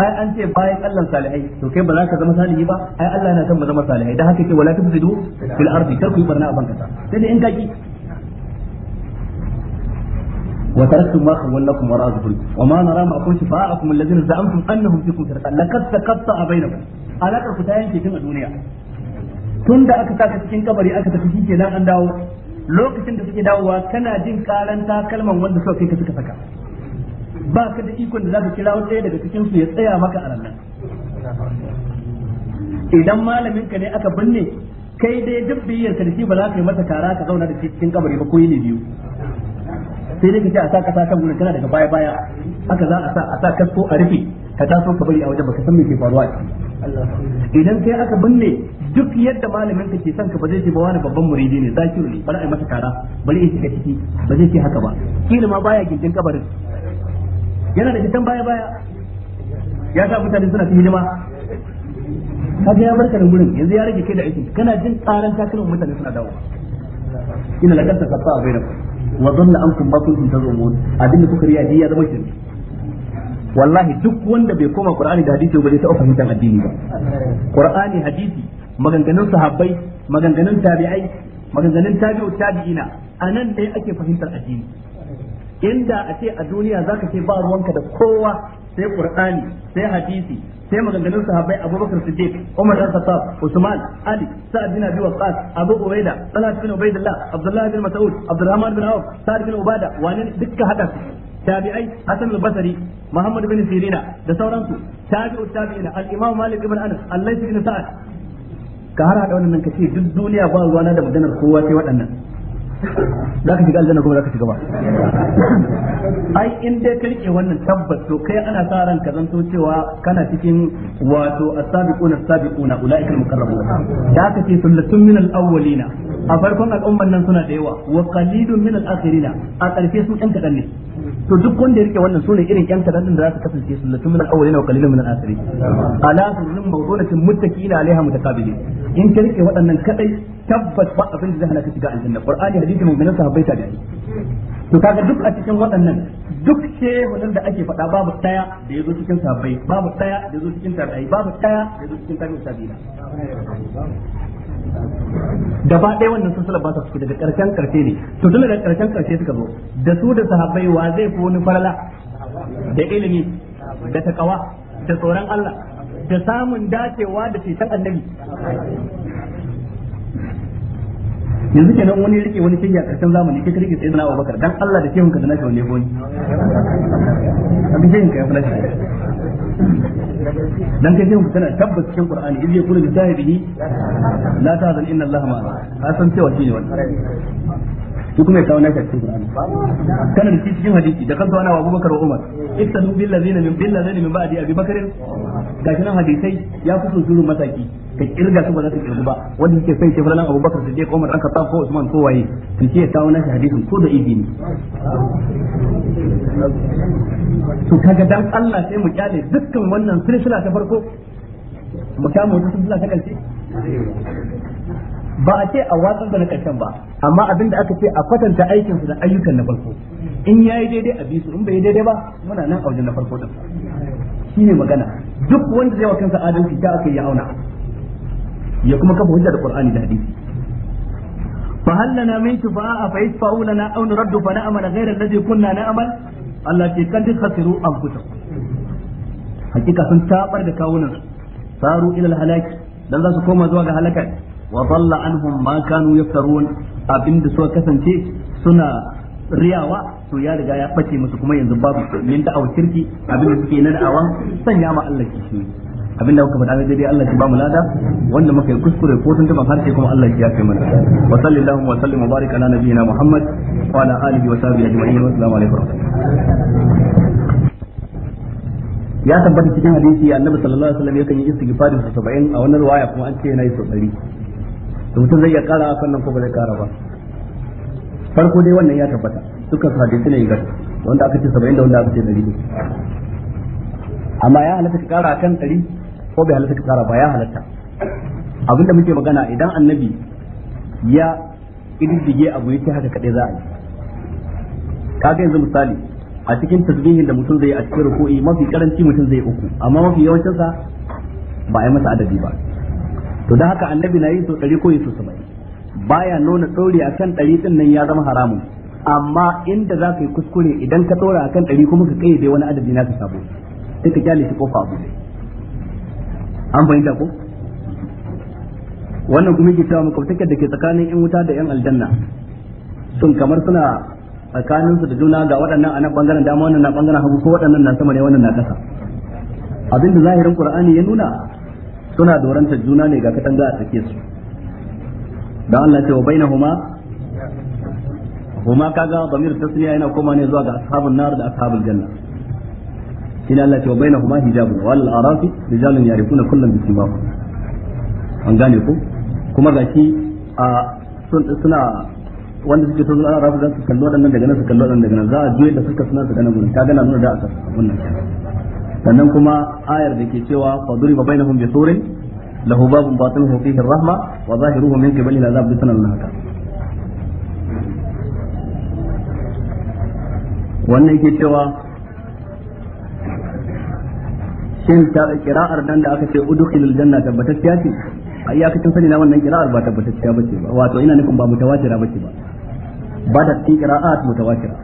ai an ce bayan Allah salihai to kai ba za ka zama salihi ba ai Allah yana son mu zama salihai dan haka ce wala tufsidu fil ardi kar ku yi barna a banka ta sai dai in kaki وتركتم ما خولكم وراء ظهوركم وما نرى معكم شفاعكم الذين زعمتم انهم فيكم شركاء لقد تقطع بينكم علاقه فتاين في الدنيا tun da aka saka cikin kabari aka tafi shi kenan an dawo lokacin da suke dawowa kana jin karan takalman wanda suka kai ka suka saka ba ka da ikon da za ka kira wata daga cikin su ya tsaya maka a nan idan malamin ka ne aka binne kai dai duk biyyar ka da shi ba za ka yi masa kara ka zauna da cikin kabari ba ko yi ne biyu sai dai kace a sa kasa kan gurin kana daga baya baya aka za a sa a sa kasko a rufe ka taso ka bari a wajen baka san me ke faruwa a idan kai aka binne duk yadda malamin ka ke son ka ba zai ce ba wani babban muridi ne zakiru ne bari a yi masa kara bari ya shiga ciki ba zai ce haka ba kila ma baya gindin kabarin yana da fitan baya baya ya sa mutane suna cikin hidima ga ya barka da gurin yanzu ya rage kai da aiki kana jin tsaran takalmin mutane suna dawo ina lakanta kafa a bainakum wa dhanna ankum ma kuntum tazumun abin da kuka riya ya zama shirki wallahi duk wanda bai koma qur'ani da hadisi ba zai taɓa fahimtar addini ba qur'ani hadisi maganganun sahabbai maganganun tabi'ai maganganun tabi'u tabi'ina anan dai ake fahimtar addini inda a ce a duniya zaka ce ba ruwanka da kowa sai qur'ani sai hadisi sai maganganun sahabbai abubakar siddiq umar dan khattab usman ali sa'ad bin abi waqqas abu ubaida talha bin ubaidillah abdullah bin mas'ud abdurrahman bin auf sa'ad bin ubada wani dukkan hada tabi'ai hasan al-basri Muhammad bin Sirina da sauransu tabi'u tabi'ina al-Imam Malik ibn Anas Allah ibn Sa'ad ka har hada wannan ka ce duk duniya ba ruwana da maganar kowa sai waɗannan za ka shiga aljanna kuma za ka shiga ba ai in ka rike wannan tabbas to kai ana sa ran ka cewa kana cikin wato as-sabiquna as-sabiquna ulaika al-muqarrabun da ka ce sullatun min al-awwalina a farkon al'umman nan suna da yawa wa qalilun min al-akhirina a ƙarshe su ɗan kaɗan to duk wanda ya rike wannan sune irin yan kadan da za su kasance sunnatun min al-awwalin wa qalilun min al-akhirin ala sunnun mawdu'atin muttaqina alaiha mutaqabilin in ka rike waɗannan kadai tabbas ba abin da zai hana ka shiga aljanna qur'ani hadisi mun ganin sahabbai ta gani to kaga duk a cikin waɗannan duk shehunan da ake faɗa babu ɗaya da yazo zo cikin sahabbai babu ɗaya da yazo cikin tabi'ai babu ɗaya da yazo zo cikin tabi'in tabi'ina gaba ɗaya wannan sun salaba ta suke daga ƙarshen ƙarshe ne to tun daga ƙarshen ƙarshe suka zo da su da sahabbai wa zai fi wani farala da ilimi da takawa da tsoron Allah da samun dacewa da ceton annabi yanzu kenan wani rike wani shege a ƙarshen zamani ke rike tsaye na Abubakar dan Allah da ke ka da nashi wani goni abin shehin ka ya fara dan kai sai tana tabbas cikin Qur'ani idh yaqulu bi sahibihi la tahzan inna Allaha ma'ana ka san cewa shine wannan shi kuma ya kawo na cikin Qur'ani kana da cikin hadisi da kanto ana Abu Abubakar wa Umar ittadu bil ladina min bil ladina min ba'di Abi Bakr gashi nan hadisai ya fito zurun mataki ka kirga su ba za su kirgu ba wanda yake sai ce fulalan abubakar su je komar an kasa ko usman ko waye su ke kawo nashi hadisin ko da ibi ne to kaga dan Allah sai mu kyale dukkan wannan silsila ta farko mu kama wata silsila ta karshe ba a ce a watsar da na karshen ba amma abin da aka ce a kwatanta aikin su da ayyukan na farko in yayi daidai a bisu in bai daidai ba muna nan a wajen na farko din shine magana duk wanda zai wa kansa adalci ta aka yi auna ya kuma kafa hujja da qur'ani da hadisi fa hal lana min shufa'a fa yashfa'u lana aw nuraddu fa na'mal ghayra alladhi kunna na'mal Allah ce kan duk khasiru anfusakum hakika sun tabar da kawunan saru ila halaki dan za su koma zuwa ga halaka wa dalla anhum ma kanu yaftarun abinda suka kasance suna riyawa to ya riga ya bace musu kuma yanzu babu min da'awar kirki abinda suke na da'awan sanya ma Allah kishi abinda kuka faɗa daidai Allah ya ba mu lada wanda muka yi kuskure ko tun taban harshe kuma Allah ya yafe mana wa sallallahu wa sallim wa barik ala nabiyyina Muhammad wa ala alihi wa sahbihi ajma'in wa assalamu alaikum ya tabbata cikin hadisi annabi sallallahu alaihi wasallam yakan yi istighfari su 70 a wannan riwaya kuma an ce yana yi su 100 to mutum zai iya kara akan nan ko ba zai kara ba farko dai wannan ya tabbata dukkan su hadisi ne ga wanda aka ce 70 da wanda aka ce 100 amma ya halatta ka kara akan 100 ko bai halatta ka ba ya halatta abinda muke magana idan annabi ya ididdige abu yake haka kadai za a yi kaga yanzu misali a cikin tasbihin da mutum zai yi a cikin ruku'i mafi karanci mutum zai uku amma mafi yawancin sa ba a masa adadi ba to dan haka annabi na yi so ɗari ko yi so baya nuna a kan ɗari din nan ya zama haramun amma inda za ka yi kuskure idan ka ɗora akan ɗari kuma ka kayyade wani adadi na ka sabo sai ka kyale shi a abu an fahimta ko wannan kuma yake cewa makwabtakar da ke tsakanin yan wuta da yan aljanna sun kamar suna tsakanin su da juna ga waɗannan a nan bangaren dama wannan na bangaren hagu ko waɗannan na sama ne wannan na ƙasa abinda zahirin qur'ani ya nuna suna dorantar juna ne ga katanga a tsake su dan Allah ya ce wa bainahuma huma kaga damir tasniya yana koma ne zuwa ga ashabun nar da ashabul janna shine Allah ce wa bainahuma hijabun wal arafi rijalun yarifuna kullum bi simahum an gane ku kuma gashi a suna wanda suke sun ana rafu su kallo dan daga nan su kallo dan daga nan za a juye da suka suna su gana gurin ka gana nuna da aka wannan sannan kuma ayar da ke cewa faduri bainahum bi surin lahu babun batinuhu fihi rahma wa zahiruhu min qibali al'azab bi sanan haka wannan ke cewa shin ta kira'ar nan da aka ce udkhilul janna tabbatacciya ce a iyakacin sani na wannan kira'ar ba tabbatacciya bace ba wato ina nufin ba mutawatira bace ba ba da cikin kira'at mutawatira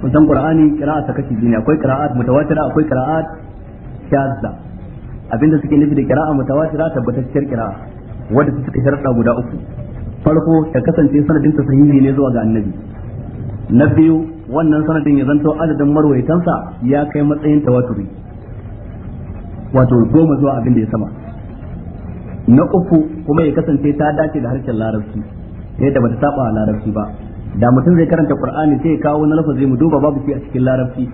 kun san qur'ani kira'a ta kashi biyu ne akwai kira'at mutawatira akwai kira'at shazza abinda suke nufi da kira'a mutawatira tabbatacciyar kira'a wadda su suka sharaɗa guda uku farko ta kasance sanadin ta sahihi ne zuwa ga annabi na biyu wannan sanadin ya zanto adadin marwaitansa ya kai matsayin tawaturi wato goma zuwa abin da ya sama na uku kuma ya kasance ta dace da harshen larabci yadda bata saba a larabci ba da mutum zai karanta qur'ani sai ya kawo na lafazi mu duba babu shi a cikin larabci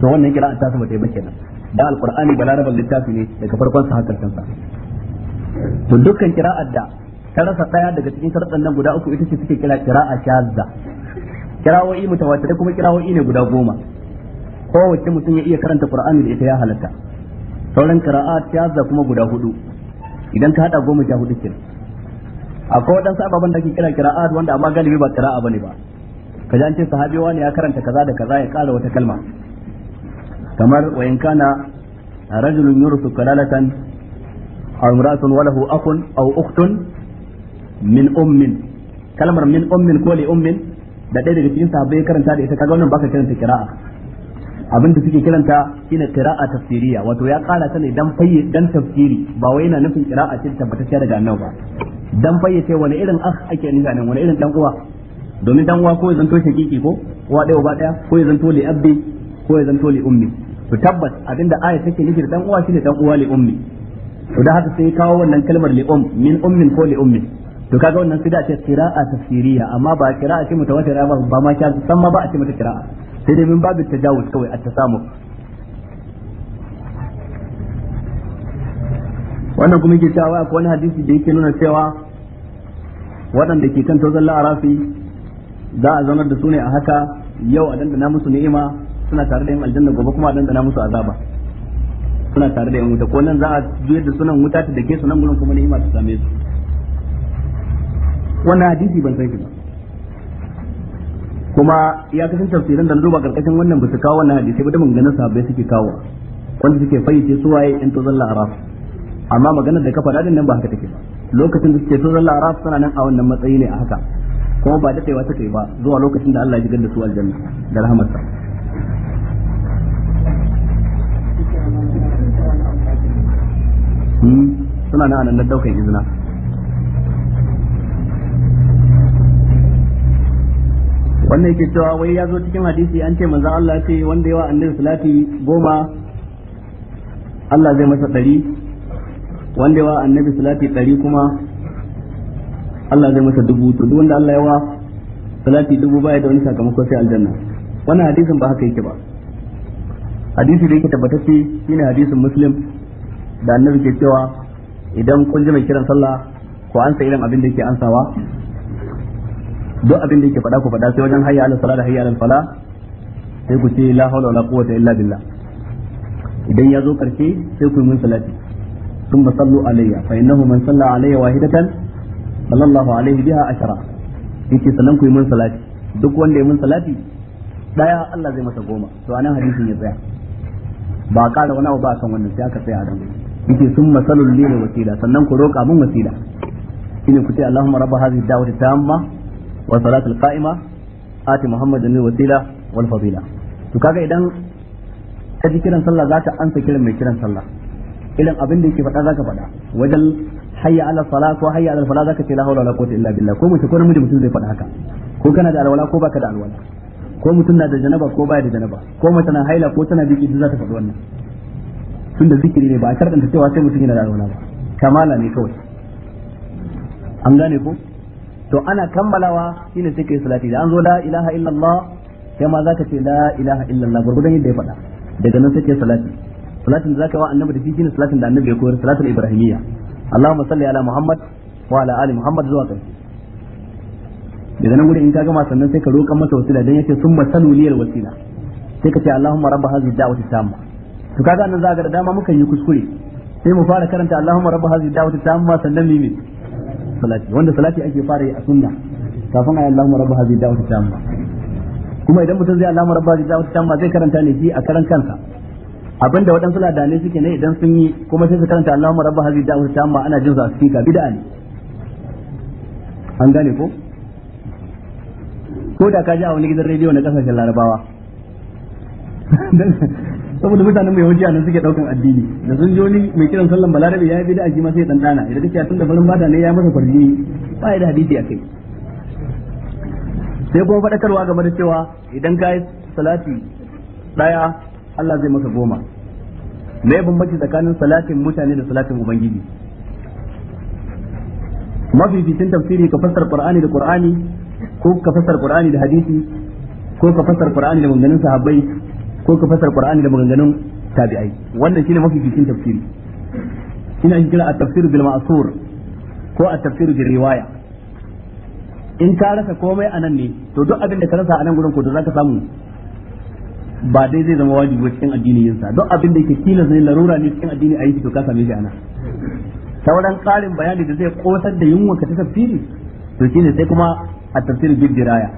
to wannan kira'a ta sama ta yi kenan da alqur'ani ba larabal littafi ne daga farkon sa hakan sa to dukkan kira'ar da ta rasa daya daga cikin sharɗan nan guda uku ita ce suke kira kira'a shazza kirawoyi mutawatir kuma kirawoyi ne guda goma kowace mutum ya iya karanta qur'ani da ita ya halatta sauran qira'at shazza kuma guda hudu idan ka hada goma sha hudu kenan akwai wadansu ababen da ke kira qira'at wanda amma galibi ba qira'a bane ba ka ji an ce sahabi wani ya karanta kaza da kaza ya kara wata kalma kamar wa in kana rajulun yursu kalalatan aw imra'atun wa lahu akhun aw ukhtun min ummin kalmar min ummin ko li ummin da ɗaya daga cikin sahabbai karanta da ita kaga wannan baka karanta qira'a abinda suke kiranta shine qira'a tafsiriya wato ya kara sani dan fayyi dan tafsiri ba wai yana nufin qira'a ce tabbatacciya daga annabi ba dan fayyace wani irin akh ake nufi nan wani irin dan uwa domin dan uwa ko ya zanto shakiki ko uwa ɗaya uba ɗaya ko ya zanto li abbi ko ya zanto li ummi to tabbas abinda aya take nufi dan uwa shine dan uwa li ummi to da haka sai kawo wannan kalmar li um min ummin ko li ummi to kaga wannan sai da ce qira'a tafsiriya amma ba qira'a ce mutawatir ba ba ma ta san ma ba a ce mata qira'a sai dai min babu tajawuz kawai a tasamu wannan kuma yake cewa akwai wani hadisi da yake nuna cewa waɗanda ke kan tozon la'arafi za a zaunar da su ne a haka yau a dandana musu ni'ima suna tare da yin aljanna gobe kuma a dandana musu azaba suna tare da yin wuta ko nan za a juyar da sunan wuta ta dake su nan gurin kuma ni'ima ta same su wannan hadisi ban san shi ba kuma ya kasance tafsirin da na duba karkashin wannan ba su kawo wannan hadisi ba da maganganun sahabbai suke kawo wanda suke fayyace su waye in tuzalla araf amma maganar da ka faɗa din nan ba haka take ba lokacin da suke tuzalla araf suna nan a wannan matsayi ne a haka kuma ba da ta kai ba zuwa lokacin da Allah ya jigar da su aljanna da rahamarsa hmm, suna nan a nan daukar izina wannan yake cewa wai ya zo cikin hadisi an ce manzo Allah ce wanda yawa annabi salati goma Allah zai masa ɗari wanda yawa annabi salati ɗari kuma Allah zai masa dubu to duk wanda Allah yawa salati dubu baya da wani sakamako sai aljanna wannan hadisin ba haka yake ba hadisi da yake tabbatacce shine hadisin muslim da annabi ke cewa idan kun ji mai kiran sallah ko ansa irin abin da yake ansawa duk abin da yake faɗa ku faɗa sai wajen hayya ala sala da hayya ala fala sai ku ce la hawla wala quwwata illa billah idan ya zo karshe sai ku yi mun salati sun ba sallu alayya fa innahu man salla alayya wahidatan sallallahu alayhi biha ashara yake sannan ku yi mun salati duk wanda ya mun salati daya Allah zai masa goma to anan hadisin ya tsaya ba a ƙara wani abu ba a kan wannan sai aka tsaya a dan yake sun masalul lila wasila sannan ku roƙa mun wasila shine ku ce Allahumma rabb hadhihi da'wati tamma wa salatul qa'ima ati muhammadan wasila wal fadila to kaga idan ka ji kiran sallah zaka ansa kiran mai kiran sallah irin abin da yake faɗa zaka faɗa wajen hayya ala sala ko hayya ala fala zaka ce la hawla wala quwwata illa billah ko mutum ko namiji mutum zai faɗa haka ko kana da alwala ko baka da alwala ko mutum na da janaba ko baya da janaba ko mace na haila ko tana biki duk zaka faɗi wannan tunda zikiri ne ba karɗanta cewa sai mutum yana da alwala kamala ne kawai an gane ko to ana kammalawa shine sai kai salati da an zo la ilaha illallah sai ma zaka ce la ilaha illallah gurgudan yadda ya faɗa daga nan sai kai salati salatin da zaka wa annabi da shi shine salatin da annabi ya koyar salatul ibrahimiyya Allahumma salli ala Muhammad wa ala ali Muhammad zuwa kai daga nan gurin in ka gama sannan sai ka roƙa masa wasila dan yace summa sanuliyal wasila sai ka ce Allahumma rabb hadhihi da'wati tamma to kaga nan za ga da dama muka yi kuskure sai mu fara karanta Allahumma rabb hadhihi da'wati tamma sannan mimi. salati wanda salati ake fara yi a sunna kafin ayi Allahumma rabb hadhihi da'wati tamma kuma idan mutum zai Allahumma rabb hadhihi da'wati tamma zai karanta ne shi a karan kansa abinda waɗansu ladane suke ne idan sun yi kuma sai su karanta Allahumma rabb hadhihi da'wati tamma ana jin sa cikin bid'a ne an gane ko ko da ka ji a wani gidan rediyo na kasashen Larabawa saboda mutanen mai hujja nan suke daukan addini da sun joni mai kiran sallan balarabe ya yi bid'a shi ma sai dan dana idan kike tun da barin bada ne ya masa farji ba ya da hadisi akai sai kuma fadakarwa game da cewa idan kai salati daya Allah zai masa goma me bambanci tsakanin salatin mutane da salatin ubangiji mafificin tafsiri ka fassara qur'ani da qur'ani ko ka fassara qur'ani da hadisi ko ka fassara qur'ani da maganganun sahabbai ko ka fasar qur'ani da maganganun tabi'ai wannan shine mafi cikin tafsiri ina shi kira at-tafsir bil ma'sur ko at-tafsir bil riwaya in ka rasa komai anan ne to duk abin da ka rasa anan gurin ko da zaka samu ba dai zai zama wajibi ba cikin addini duk abin da yake tilas ne larura ne cikin addini ayi to ka same shi anan sauran karin bayani da zai kosar da yunwa ka ta tafsiri to shine sai kuma a tafsir bil diraya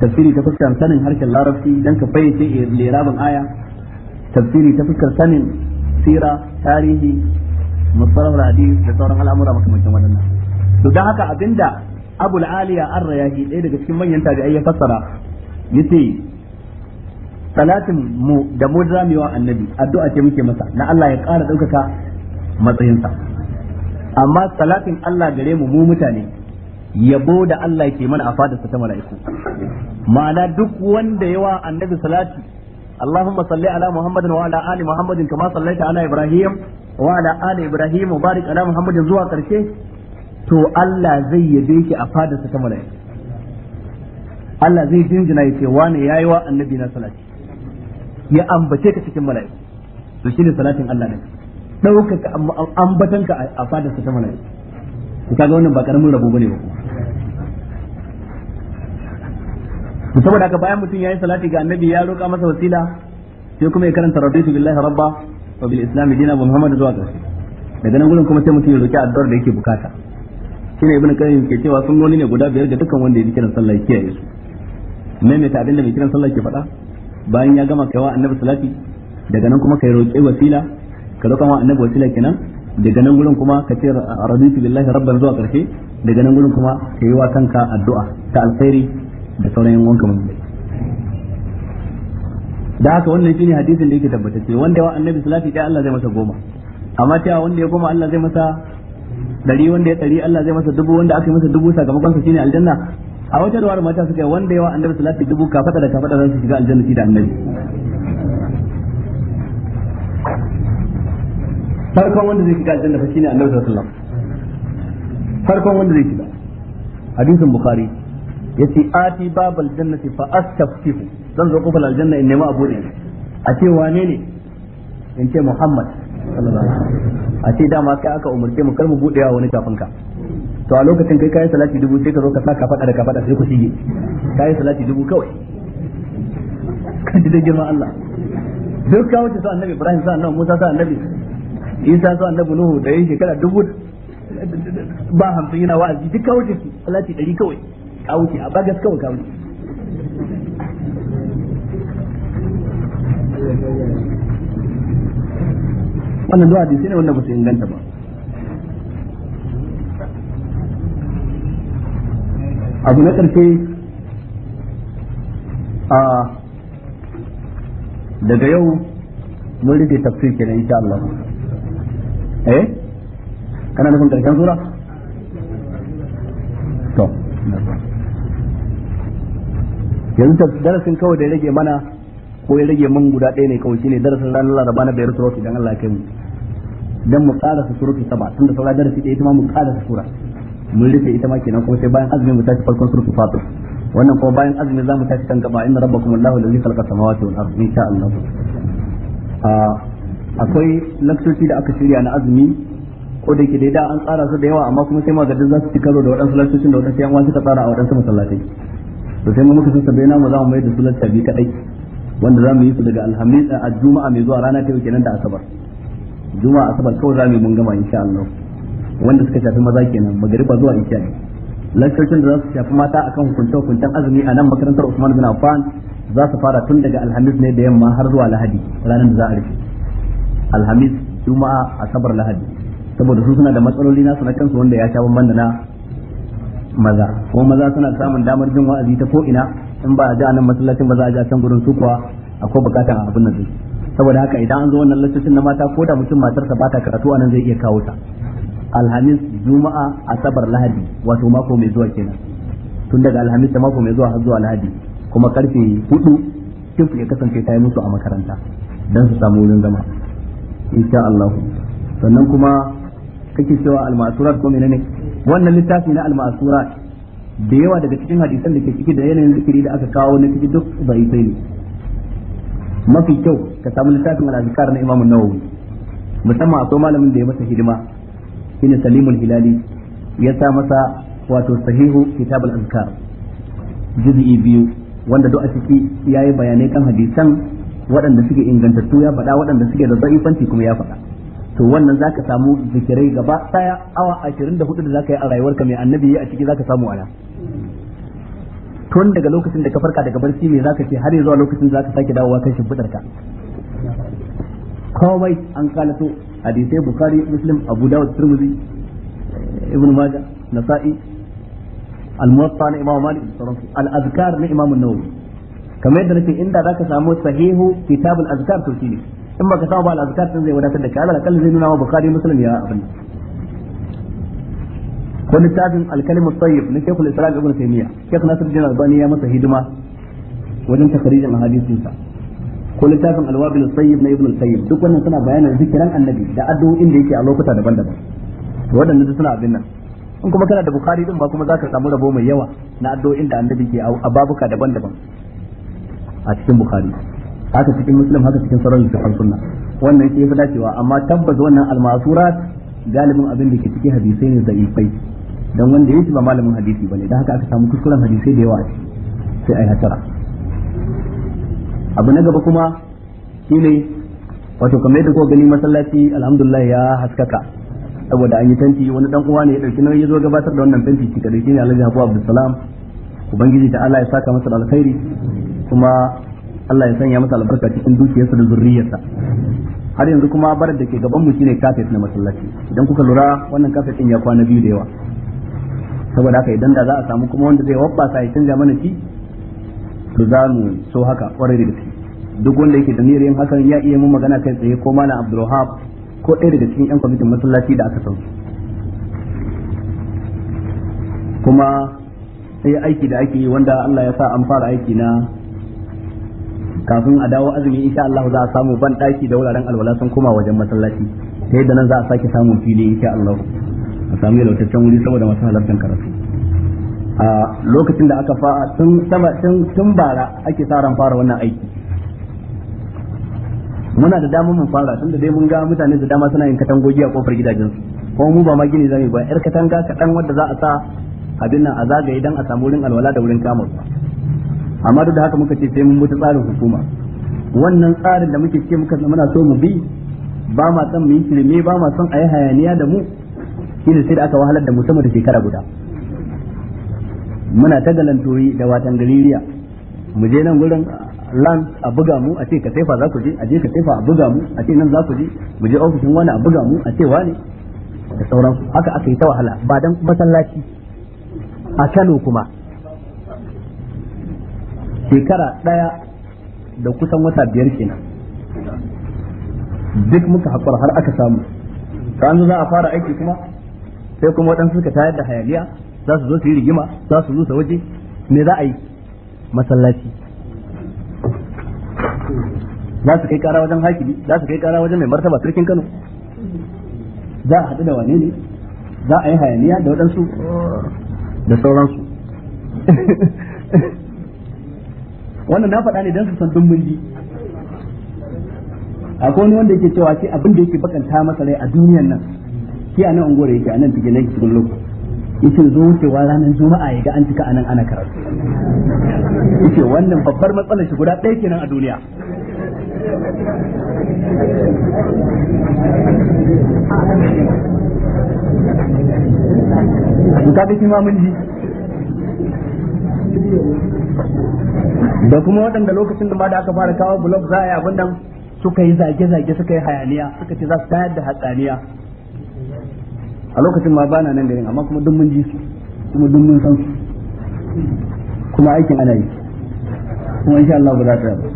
tafsiri ta fuskar sanin harshen larabci dan ka fayyace lirabin aya tafsiri ta fuskar sanin sira tarihi musarrafar hadis da sauran al'amura makamancin waɗannan to haka abinda abul aliya ar-rayahi ɗaya daga cikin manyan tabi'ai ya fassara yace salatin mu da mu zamewa annabi addu'a ce muke masa na Allah ya ƙara ɗaukaka matsayinsa amma salatin Allah gare mu mu mutane yabo da Allah ke mana a fadarsa ta mala'iku ma'ana duk wanda yawa annabi salati Allahumma salli ala Muhammadin wa ala ali Muhammadin kama sallaita ala Ibrahim wa ala ali Ibrahim mubarak ala Muhammadin zuwa karshe to Allah zai yabe ki a fadarsa ta mala'iku Allah zai jinjina ya ce wani yayi wa annabi na salati ya ambace ka cikin mala'iku to shine salatin Allah ne ɗaukaka ambatanka a fadarsa ta mala'iku kaga wannan ba karamin rabo bane ba kuma to saboda haka bayan mutum yayi salati ga annabi ya roƙa masa wasila sai kuma ya karanta raditu billahi rabba wa bil islam dinan wa muhammadu zuwa ƙarshe daga nan gurin kuma sai mutum ya roƙi addu'ar da yake bukata shine ibnu qayyim ke cewa sunnoni ne guda biyar da dukkan wanda ya kiran sallah ya kiyaye su maimaita abin da mai kiran sallah ke faɗa bayan ya gama kaiwa annabi salati daga nan kuma kai roƙe wasila ka roƙa ma annabi wasila kenan daga nan gurin kuma ka ce raditu billahi rabban zuwa ƙarshe daga nan gurin kuma ka yi wa kanka addu'a ta alkhairi da sauran yan wanka mai da haka wannan shine hadisin da yake tabbatacce wanda yawa annabi salati dai Allah zai masa goma amma cewa wanda ya goma Allah zai masa dari wanda ya dari Allah zai masa dubu wanda aka yi masa dubu sakamakon sa shine aljanna a wata ruwar mata suka yi wanda yawa annabi salati dubu ka fada da ka fada za su shiga aljanna shi da annabi farkon wanda zai shiga aljanna fa shine annabi sallallahu alaihi wasallam farkon wanda zai shiga hadisin bukhari yace ati babal jannati fa astafihu zan zo kofar aljanna in nemi abu ne a ce wane ne in ce muhammad a ce dama kai aka umarce mu kar mu bude wani kafin ka to a lokacin kai kai salati dubu sai ka zo ka sa ka fada da ka fada sai ku shige kai salati dubu kawai kan da girman Allah duk ka wuce su annabi Ibrahim sa annabi Musa sa annabi Isa sa annabi Nuhu da yake kada dubu ba hamsin yana wa'azi duk ka wuce su salati dari kawai ka wuce a bagas kawai ka wuce wannan zuwa hadisi ne wanda ba su inganta ba abu na ƙarshe a daga yau mun rike tafsir kenan insha Allah eh kana nufin ƙarshen sura to yanzu darasin kawai da ya rage mana ko ya rage mun guda ɗaya ne kawai shine darasin ranar laraba na bayar surat don Allah ya kai mu don mu ƙara su surutu saba tun da sauran darasi ɗaya ita ma mu ƙara su sura mun rufe ita ma kenan kuma sai bayan azumi mu tashi farkon surutu fatu wannan kuma bayan azumi za mu tashi kan gaba inna rabbakum allahu allazi khalaqa samawati wal ardi insha Allah akwai lakcoci da aka shirya na azumi ko da ke dai da an tsara su da yawa amma kuma sai magadin za su ci karo da waɗansu lakcocin da waɗansu yan wasu suka tsara a waɗansu masallatai to sai mu muka san sabai namu za mu mai da su lacca bi kadai wanda za mu yi su daga alhamis a juma'a mai zuwa rana ta yau kenan da asabar juma'a asabar kawai za mu yi mun gama insha Allah wanda suka shafi maza kenan magariba zuwa isha lakcocin da za su shafi mata akan hukunta hukuntan azumi a nan makarantar Usman bin Affan za su fara tun daga alhamis ne da yamma har zuwa lahadi ranar da za a rufe alhamis juma'a asabar lahadi saboda su suna da matsaloli nasu na kansu wanda ya sha bambanta na maza ko maza suna samun damar jin wa'azi ta ko ina in ba a ji anan masallacin ba za a ji a can gurin su kuwa akwai bukatar a abin nan saboda haka idan an zo wannan lokacin na mata ko da mutum matarsa ba ta karatu anan zai iya kawo ta alhamis juma'a asabar lahadi wato mako mai zuwa kenan tun daga alhamis da mako mai zuwa har zuwa lahadi kuma karfe hudu kin ya kasance ta yi musu a makaranta dan su samu wurin zama insha Allah sannan kuma kake cewa almasurat ko menene wannan littafi na al-ma'surat da yawa daga cikin hadisan da ke ciki da yanayin zikiri da aka kawo na ciki duk zaifai ne mafi kyau ka samu littafin al-azkar na Imam nawawi musamman akwai malamin da ya masa hidima shine Salimul Hilali ya sa masa wato sahihu kitab al-azkar juz'i biyu wanda duk a ciki ya yi bayanai kan hadisan waɗanda suke ingantattu ya faɗa waɗanda suke da zaifanci kuma ya faɗa to wannan za ka samu zikirai gaba daya awa ashirin da hudu da za ka yi a rayuwarka mai annabi a ciki za ka samu ana tun daga lokacin da ka farka daga barci mai za ka ce har zuwa lokacin da ka sake dawowa kan shimfidar ka komai an kalato hadisai bukhari muslim abu dawud turmuzi ibn majah nasa'i al-muwatta na imam malik sauransu al-azkar na imam an-nawawi kamar yadda nake inda zaka samu sahihu kitabul azkar to shine in baka samu ba al din zai wadatar da kai Allah kalli zai nuna wa bukhari muslim ya abin ko littafin al-kalim at-tayyib na shaykhul islam ibn taymiya shaykh nasiruddin albani ya masa hidima wajen takharijin ahadisin sa ko littafin al-wabil at-tayyib na ibn al-tayyib duk wannan suna bayanin zikiran annabi da addu'o'in da yake a lokuta daban-daban waɗannan suna abin nan in kuma kana da bukhari din ba kuma zaka samu rabo mai yawa na addu'o'in da annabi ke a babuka daban-daban a cikin bukhari haka cikin musulun haka cikin sauran littafan sunna wannan shi yafi dacewa amma tabbas wannan almasurat galibin abin da ke cikin hadisai ne zaifai dan wanda yake ba malamin hadisi bane dan haka aka samu kuskuren hadisai da yawa sai ai hatara abu na gaba kuma shine wato kamar yadda ko gani masallaci alhamdulillah ya haskaka saboda an yi tanti wani dan uwa ne ya dauki nauyi ya zo gabatar da wannan tanti shi kadai shine Alhaji Abu Abdulsalam ubangiji ta Allah ya saka masa da alkhairi kuma Allah ya sanya masa albarka cikin dukiyarsa da zurriyarsa har yanzu kuma barar da ke gaban mu shine kafet na masallaci idan kuka lura wannan kafet din ya kwana biyu da yawa saboda haka idan da za a samu kuma wanda zai wabba sai canja mana shi to za mu so haka kwarai da duk wanda yake da niyyar yin hakan ya iya mu magana kai tsaye ko mana Abdulwahab ko ɗaya daga cikin yan kwamitin masallaci da aka san kuma sai aiki da ake yi wanda Allah ya sa an fara aiki na kafin a dawo azumi insha Allah za a samu ban daki da wuraren alwala sun koma wajen masallaci ta yadda nan za a sake samun fili insha Allah a samu yalautaccen wuri saboda masu halartar karatu a lokacin da aka fara tun tun bara ake sa ran fara wannan aiki muna da damar mun fara tunda dai mun ga mutane da dama suna yin katangogi a kofar gidajensu ko mu ba ma gini zamu ba yar katanga kaɗan wadda za a sa abin nan a zagaye dan a samu wurin alwala da wurin kamar amma duk da haka muka ce sai mun mutu tsarin hukuma wannan tsarin da muke ce muka muna so mu bi ba ma son mu yi shirme ba ma son a yi hayaniya da mu shine sai da aka wahalar da mu sama da shekara guda muna ta galantori da watan galiriya mu je nan gurin lan a buga mu a ce ka sefa za ku je a je ka sefa a buga mu a ce nan za ku je mu je ofishin wani a buga mu a ce wani da sauransu haka aka yi ta wahala ba dan masallaci a Kano kuma shekara ɗaya da kusan wata biyar kenan duk muka haƙura har aka samu ta za a fara aiki kuma sai kuma waɗansu suka tayar da hayaniya za su zo su yi rigima za su su waje me za a yi masallaci za su kai kara wajen hakimi za su kai kara wajen mai martaba sarkin kano za a haɗu da wane ne za a yi hayaniya da waɗansu da sauransu wannan na faɗa ne don su san dun mun ji akwai wani wanda yake cewa ce abin da yake bakanta masa rai a duniyar nan shi a nan unguwar yake a nan cikin yake cikin lokaci yace zo wucewa ranar juma'a ya ga an cika anan ana karatu yake wannan babbar matsalar shi guda ɗaya kenan a duniya ka ga ma mun ji da kuma waɗanda lokacin da ma da aka fara kawo blog za a yi abin da suka yi zage-zage suka yi hayaniya suka ce za su tayar da hatsaniya a lokacin ma bana nan garin amma kuma duk mun ji su kuma duk mun san su kuma aikin ana yi kuma insha Allah ba za ta yi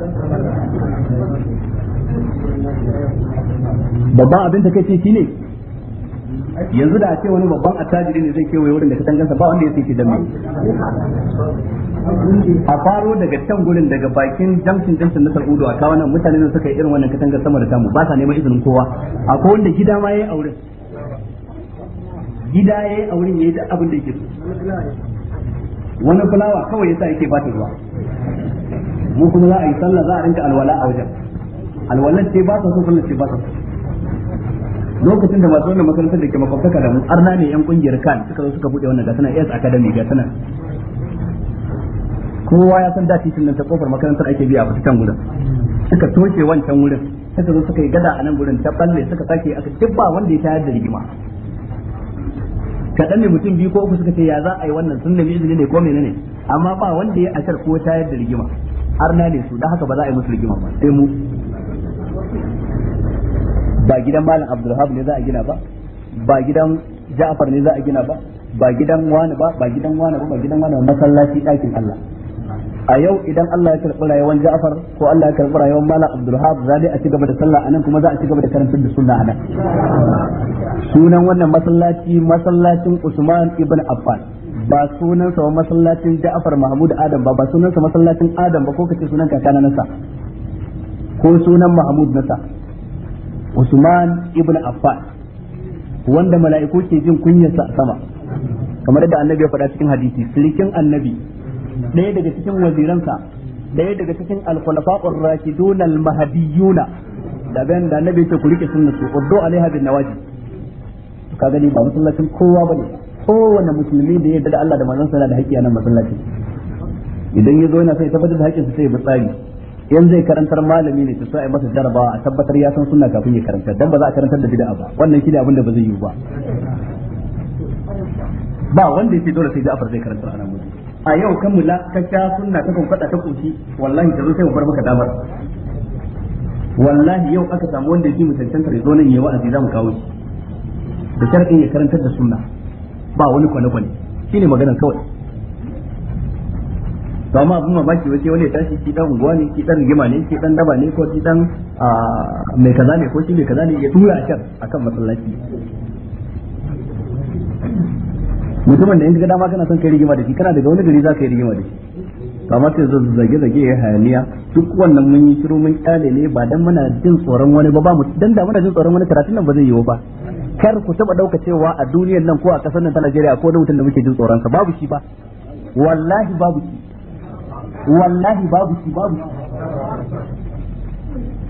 babban abin ta kace ne? yanzu da a ce wani babban attajiri ne zai kewaye wurin da tangansa ba wanda ya sai ke dan a faro daga can gurin daga bakin jamcin jamcin na Saudu a kawo nan mutane nan suka yi irin wannan katangar sama da tamu ba sa neman izinin kowa akwai wanda gida ma yayi auren gida yayi auren yayi duk abin da yake wani fulawa kawai yasa yake ba ta zuwa. mu kuma za a yi sallah za a rinka alwala a wajen alwalan ce ba ta so sallah ce ba ta so lokacin da masu wannan makarantar da ke makwabtaka da mu arna ne yan kungiyar kan suka zo suka bude wannan gasanar S Academy gasanar kowa ya san da titin nan ta kofar makarantar ake biya a fitan gudan suka toshe wancan wurin suka zo suka yi gada a nan gudan ta balle suka sake aka duk wanda ya tayar da rigima kaɗan ne mutum biyu ko uku suka ce ya za a yi wannan sun nemi izini ne ko menene amma ba wanda ya ashar ko tayar da rigima har na ne su da haka ba za a yi musu rigima ba sai mu ba gidan malam abdulhab ne za a gina ba ba gidan ja'far ne za a gina ba ba gidan wani ba ba gidan wani ba ba gidan wani masallaci ɗakin Allah a yau idan Allah ya karɓi rayuwar Ja'far ko Allah ya karɓi rayuwar Malam Abdulhab za a ci gaba da sallah anan kuma za a ci gaba da karantar da sunna anan sunan wannan masallaci masallacin Usman ibn Affan ba sunan sa masallacin Ja'far Mahmud Adam ba ba sunan sa masallacin Adam ba ko kace sunan kakana nasa ko sunan Mahmud nasa Usman ibn Affan wanda mala'iku ke jin kunyarsa sama kamar da annabi ya faɗa cikin hadisi sirikin annabi ɗaya daga cikin waziransa ɗaya daga cikin al-khulafa'ur rashidun al-mahdiyuna da ban da annabi ce ku rike sunna su uddu alaiha bin nawaji ka gani ba masallacin kowa bane kowanne musulmi da ya yarda da Allah da manzon sa da haƙƙi a nan masallacin idan ya zo yana sai tabbatar da haƙƙinsa sai ya bi tsari yanzu zai karantar malami ne sai ai masa jaraba a tabbatar ya san sunna kafin ya karanta dan ba za a karantar da bid'a ba wannan shi ne abin ba zai yi ba ba wanda yake dole sai Ja'far zai karantar anan mutum a yau kan mula ka sha sunna ka kun ta kunci wallahi ka zo sai mu bar maka damar wallahi yau aka samu wanda yake mutuntan ka zo nan yayi wa'azi zamu kawo shi da sharadin ya karantar da sunna ba wani kwane kwane shine magana kawai to amma abin mamaki wace wani ya tashi shi dan unguwa ne shi dan rigima ne shi dan daba ne ko shi dan ah, mai kaza ne ko shi mai kaza ne ya tura a can akan masallaci mutumin da in ga dama kana son kai rigima da shi kana daga wani gari za ka yi rigima da shi to amma sai zo zage zage ya hayaniya duk wannan mun yi shiru mun kyale ne ba dan muna jin tsoron wani ba ba mu dan da muna jin tsoron wani karatun nan ba zai yiwu ba kar ku taba dauka cewa a duniyar nan ko a kasar nan ta Najeriya ko da mutum da muke jin tsoron sa babu shi ba wallahi babu shi wallahi babu shi babu shi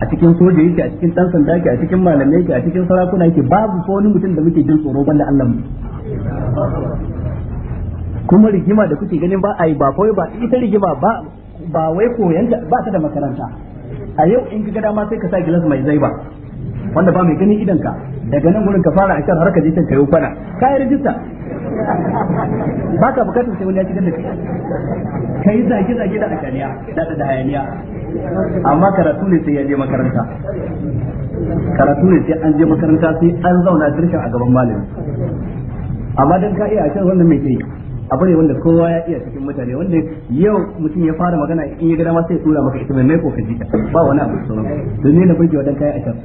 a cikin soja yake a cikin dan sanda yake a cikin malamai yake a cikin sarakuna yake babu ko wani mutum da muke jin tsoro banda Allah mu kuma rigima da kuke ganin ba a yi ba kawai ba ita rigima ba ba wai koyanta ba ta da makaranta a yau in ka dama sai ka sa gilas mai zai ba, wanda ba mai ganin idan ka daga nan gurin ka fara a kan harkar jikin kayo kwana ka yi rijista ba ka bukatar sai wani ya ci da kai ka yi zage zage da akaniya da da hayaniya amma karatu ne sai ya je makaranta karatu ne sai an je makaranta sai an zauna dirshin a gaban malami amma dan ka iya a can wannan mai kai abu ne wanda kowa ya iya cikin mutane wanda yau mutum ya fara magana in ya ga dama sai tura maka ita mai mai ko ka jita ba wani abu sauran don ne na burgewa dan kai a can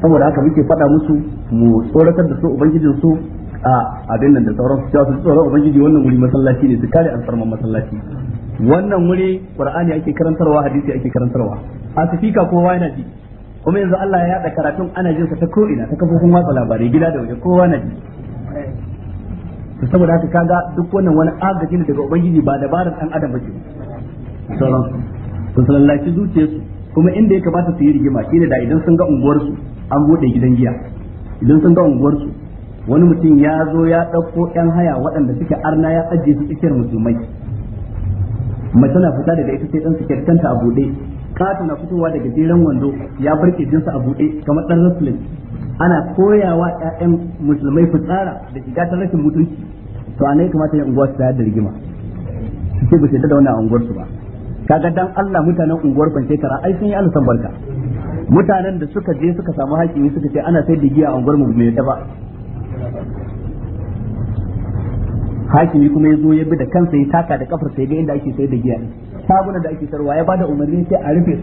saboda haka muke faɗa musu mu tsoratar da su ubangijin su a abin nan da sauran su su tsoron ubangiji wannan wuri masallaci ne su kare alfarman masallaci wannan wuri qur'ani ake karantarwa hadisi ake karantarwa a tafika kowa yana ji kuma yanzu Allah ya yada karatun ana jinsa ta ko'ina ina ta kafofin watsa labarai gida da waje kowa na ji saboda haka kaga duk wannan wani agaji ne daga ubangiji ba dabarar dan adam bace sauran su sallallaci zuciyarsu kuma inda ya kamata su yi rigima shine da idan sun ga unguwarsu an buɗe gidan giya idan sun ga unguwarsu wani mutum ya zo ya ɗauko yan haya waɗanda suke arna ya ajiye su tsakiyar musulmai mace na fita daga ita sai ɗan su kyarkanta a buɗe kato na fitowa daga jiran wando ya bar kirjinsa a buɗe kamar ɗan rasulun ana koyawa ƴaƴan musulmai fitsara da shiga ta rashin mutunci to a nai kamata ya unguwa su tayar da rigima su ce ba su da wannan unguwar su ba kaga dan Allah mutanen unguwar ban shekara ai sun yi san barka mutanen da suka je suka samu hakimi suka ce ana sai da giya a unguwar mu mai yadda ba hakimi kuma ya zo ya bi da kansa ya taka da kafar sai ga inda ake sai da giya sabunan da ake sarwa ya bada umarni sai a rufe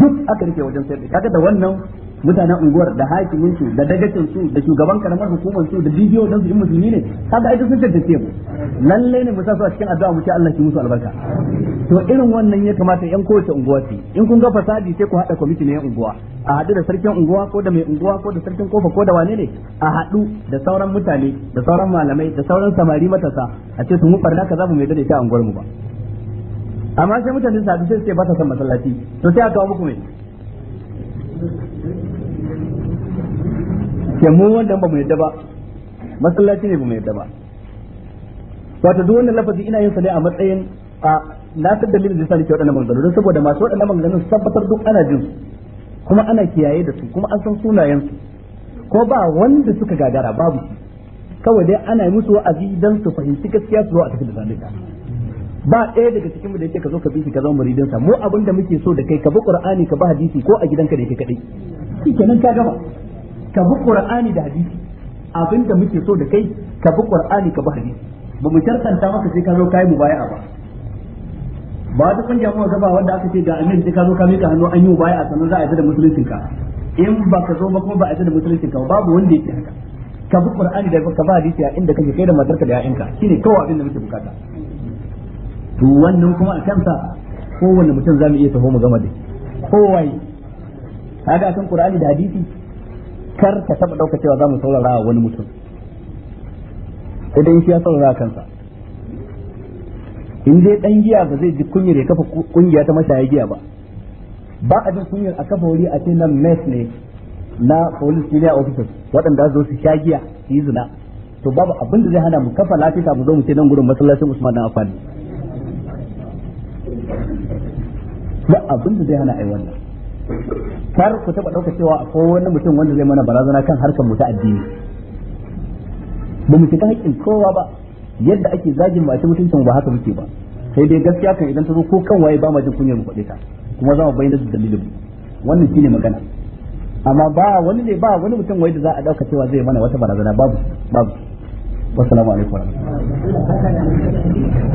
duk aka rike wajen sai kaga da wannan mutanen unguwar da hakimin su da dagacin su da shugaban karamar hukumar su da bidiyo dan su musulmi ne kaga ai sun tantance mu lalle ne mu sa su a cikin addu'a mu ce Allah ki musu albarka to irin wannan ya kamata yan kowace unguwa ce in kun ga fasadi sai ku haɗa kwamiti na yan unguwa a haɗu da sarkin unguwa ko da mai unguwa ko da sarkin kofa ko da wane ne a haɗu da sauran mutane da sauran malamai da sauran samari matasa a ce su mu barna za mu mai dade ta unguwar mu ba amma sai mutane su haɗu sai su ce ba ta son masallaci to sai a kawo muku mai ke mu wanda ba mu yadda ba masallaci ne ba mu yadda ba wato duk wannan lafazi ina yin sa ne a matsayin a na san dalilin da yasa nake waɗannan maganganu don saboda masu waɗannan maganganun tabbatar duk ana jin su kuma ana kiyaye da su kuma an san sunayen su ko ba wanda suka gagara babu shi kawai dai ana yi musu wa'azi dan su fahimci gaskiya su zo a tafi da zalunta ba ɗaya daga cikin mu da yake ka zo ka bi shi ka zama muridin sa mu abin da muke so da kai ka bi qur'ani ka bi hadisi ko a gidanka da yake kadai kenan ka gama ka bi qur'ani da hadisi abin da muke so da kai ka bi qur'ani ka bi hadisi ba mu shartanta maka sai ka zo kai mubaya'a ba ba duk wanda kuma zaba wanda aka ce ga amin sai ka zo ka mika hannu an yi baya a sanar za a yi da musulunci ka in ba ka zo ba kuma ba a yi da musulunci ka babu wanda yake haka ka bi qur'ani da ka ba hadisi a inda kake kai da matarka da ya'inka shine kawai abin da muke bukata to wannan kuma a kansa kowanne mutum zamu iya taho mu gama da kowai kaga akan qur'ani da hadisi kar ka taba dauka cewa zamu saurara wani mutum idan shi ya saurara kansa in dai dan giya ba zai ji kunyar ya kafa kungiya ta mashaya giya ba ba a jin kunyar a kafa wuri a ce nan mes ne na police senior officers waɗanda zo su sha giya su yi zina to babu abin da zai hana mu kafa lafiya mu zo mu ce nan gurin masallacin Usman dan Affan ba abin da zai hana ai wannan kar ku taba dauka cewa akwai wani mutum wanda zai mana barazana kan harkar mu ta addini ba mu shiga haƙƙin kowa ba yadda ake zagin mace mutuncin ba haka muke ba sai dai gaskiya kan idan ta zo ko kan waye ba ma jin kunyar mu ta kuma za mu bayyana da dalilin wannan shine magana amma ba wani ne ba wani mutum wai da za a dauka cewa zai mana wata barazana babu babu wassalamu alaikum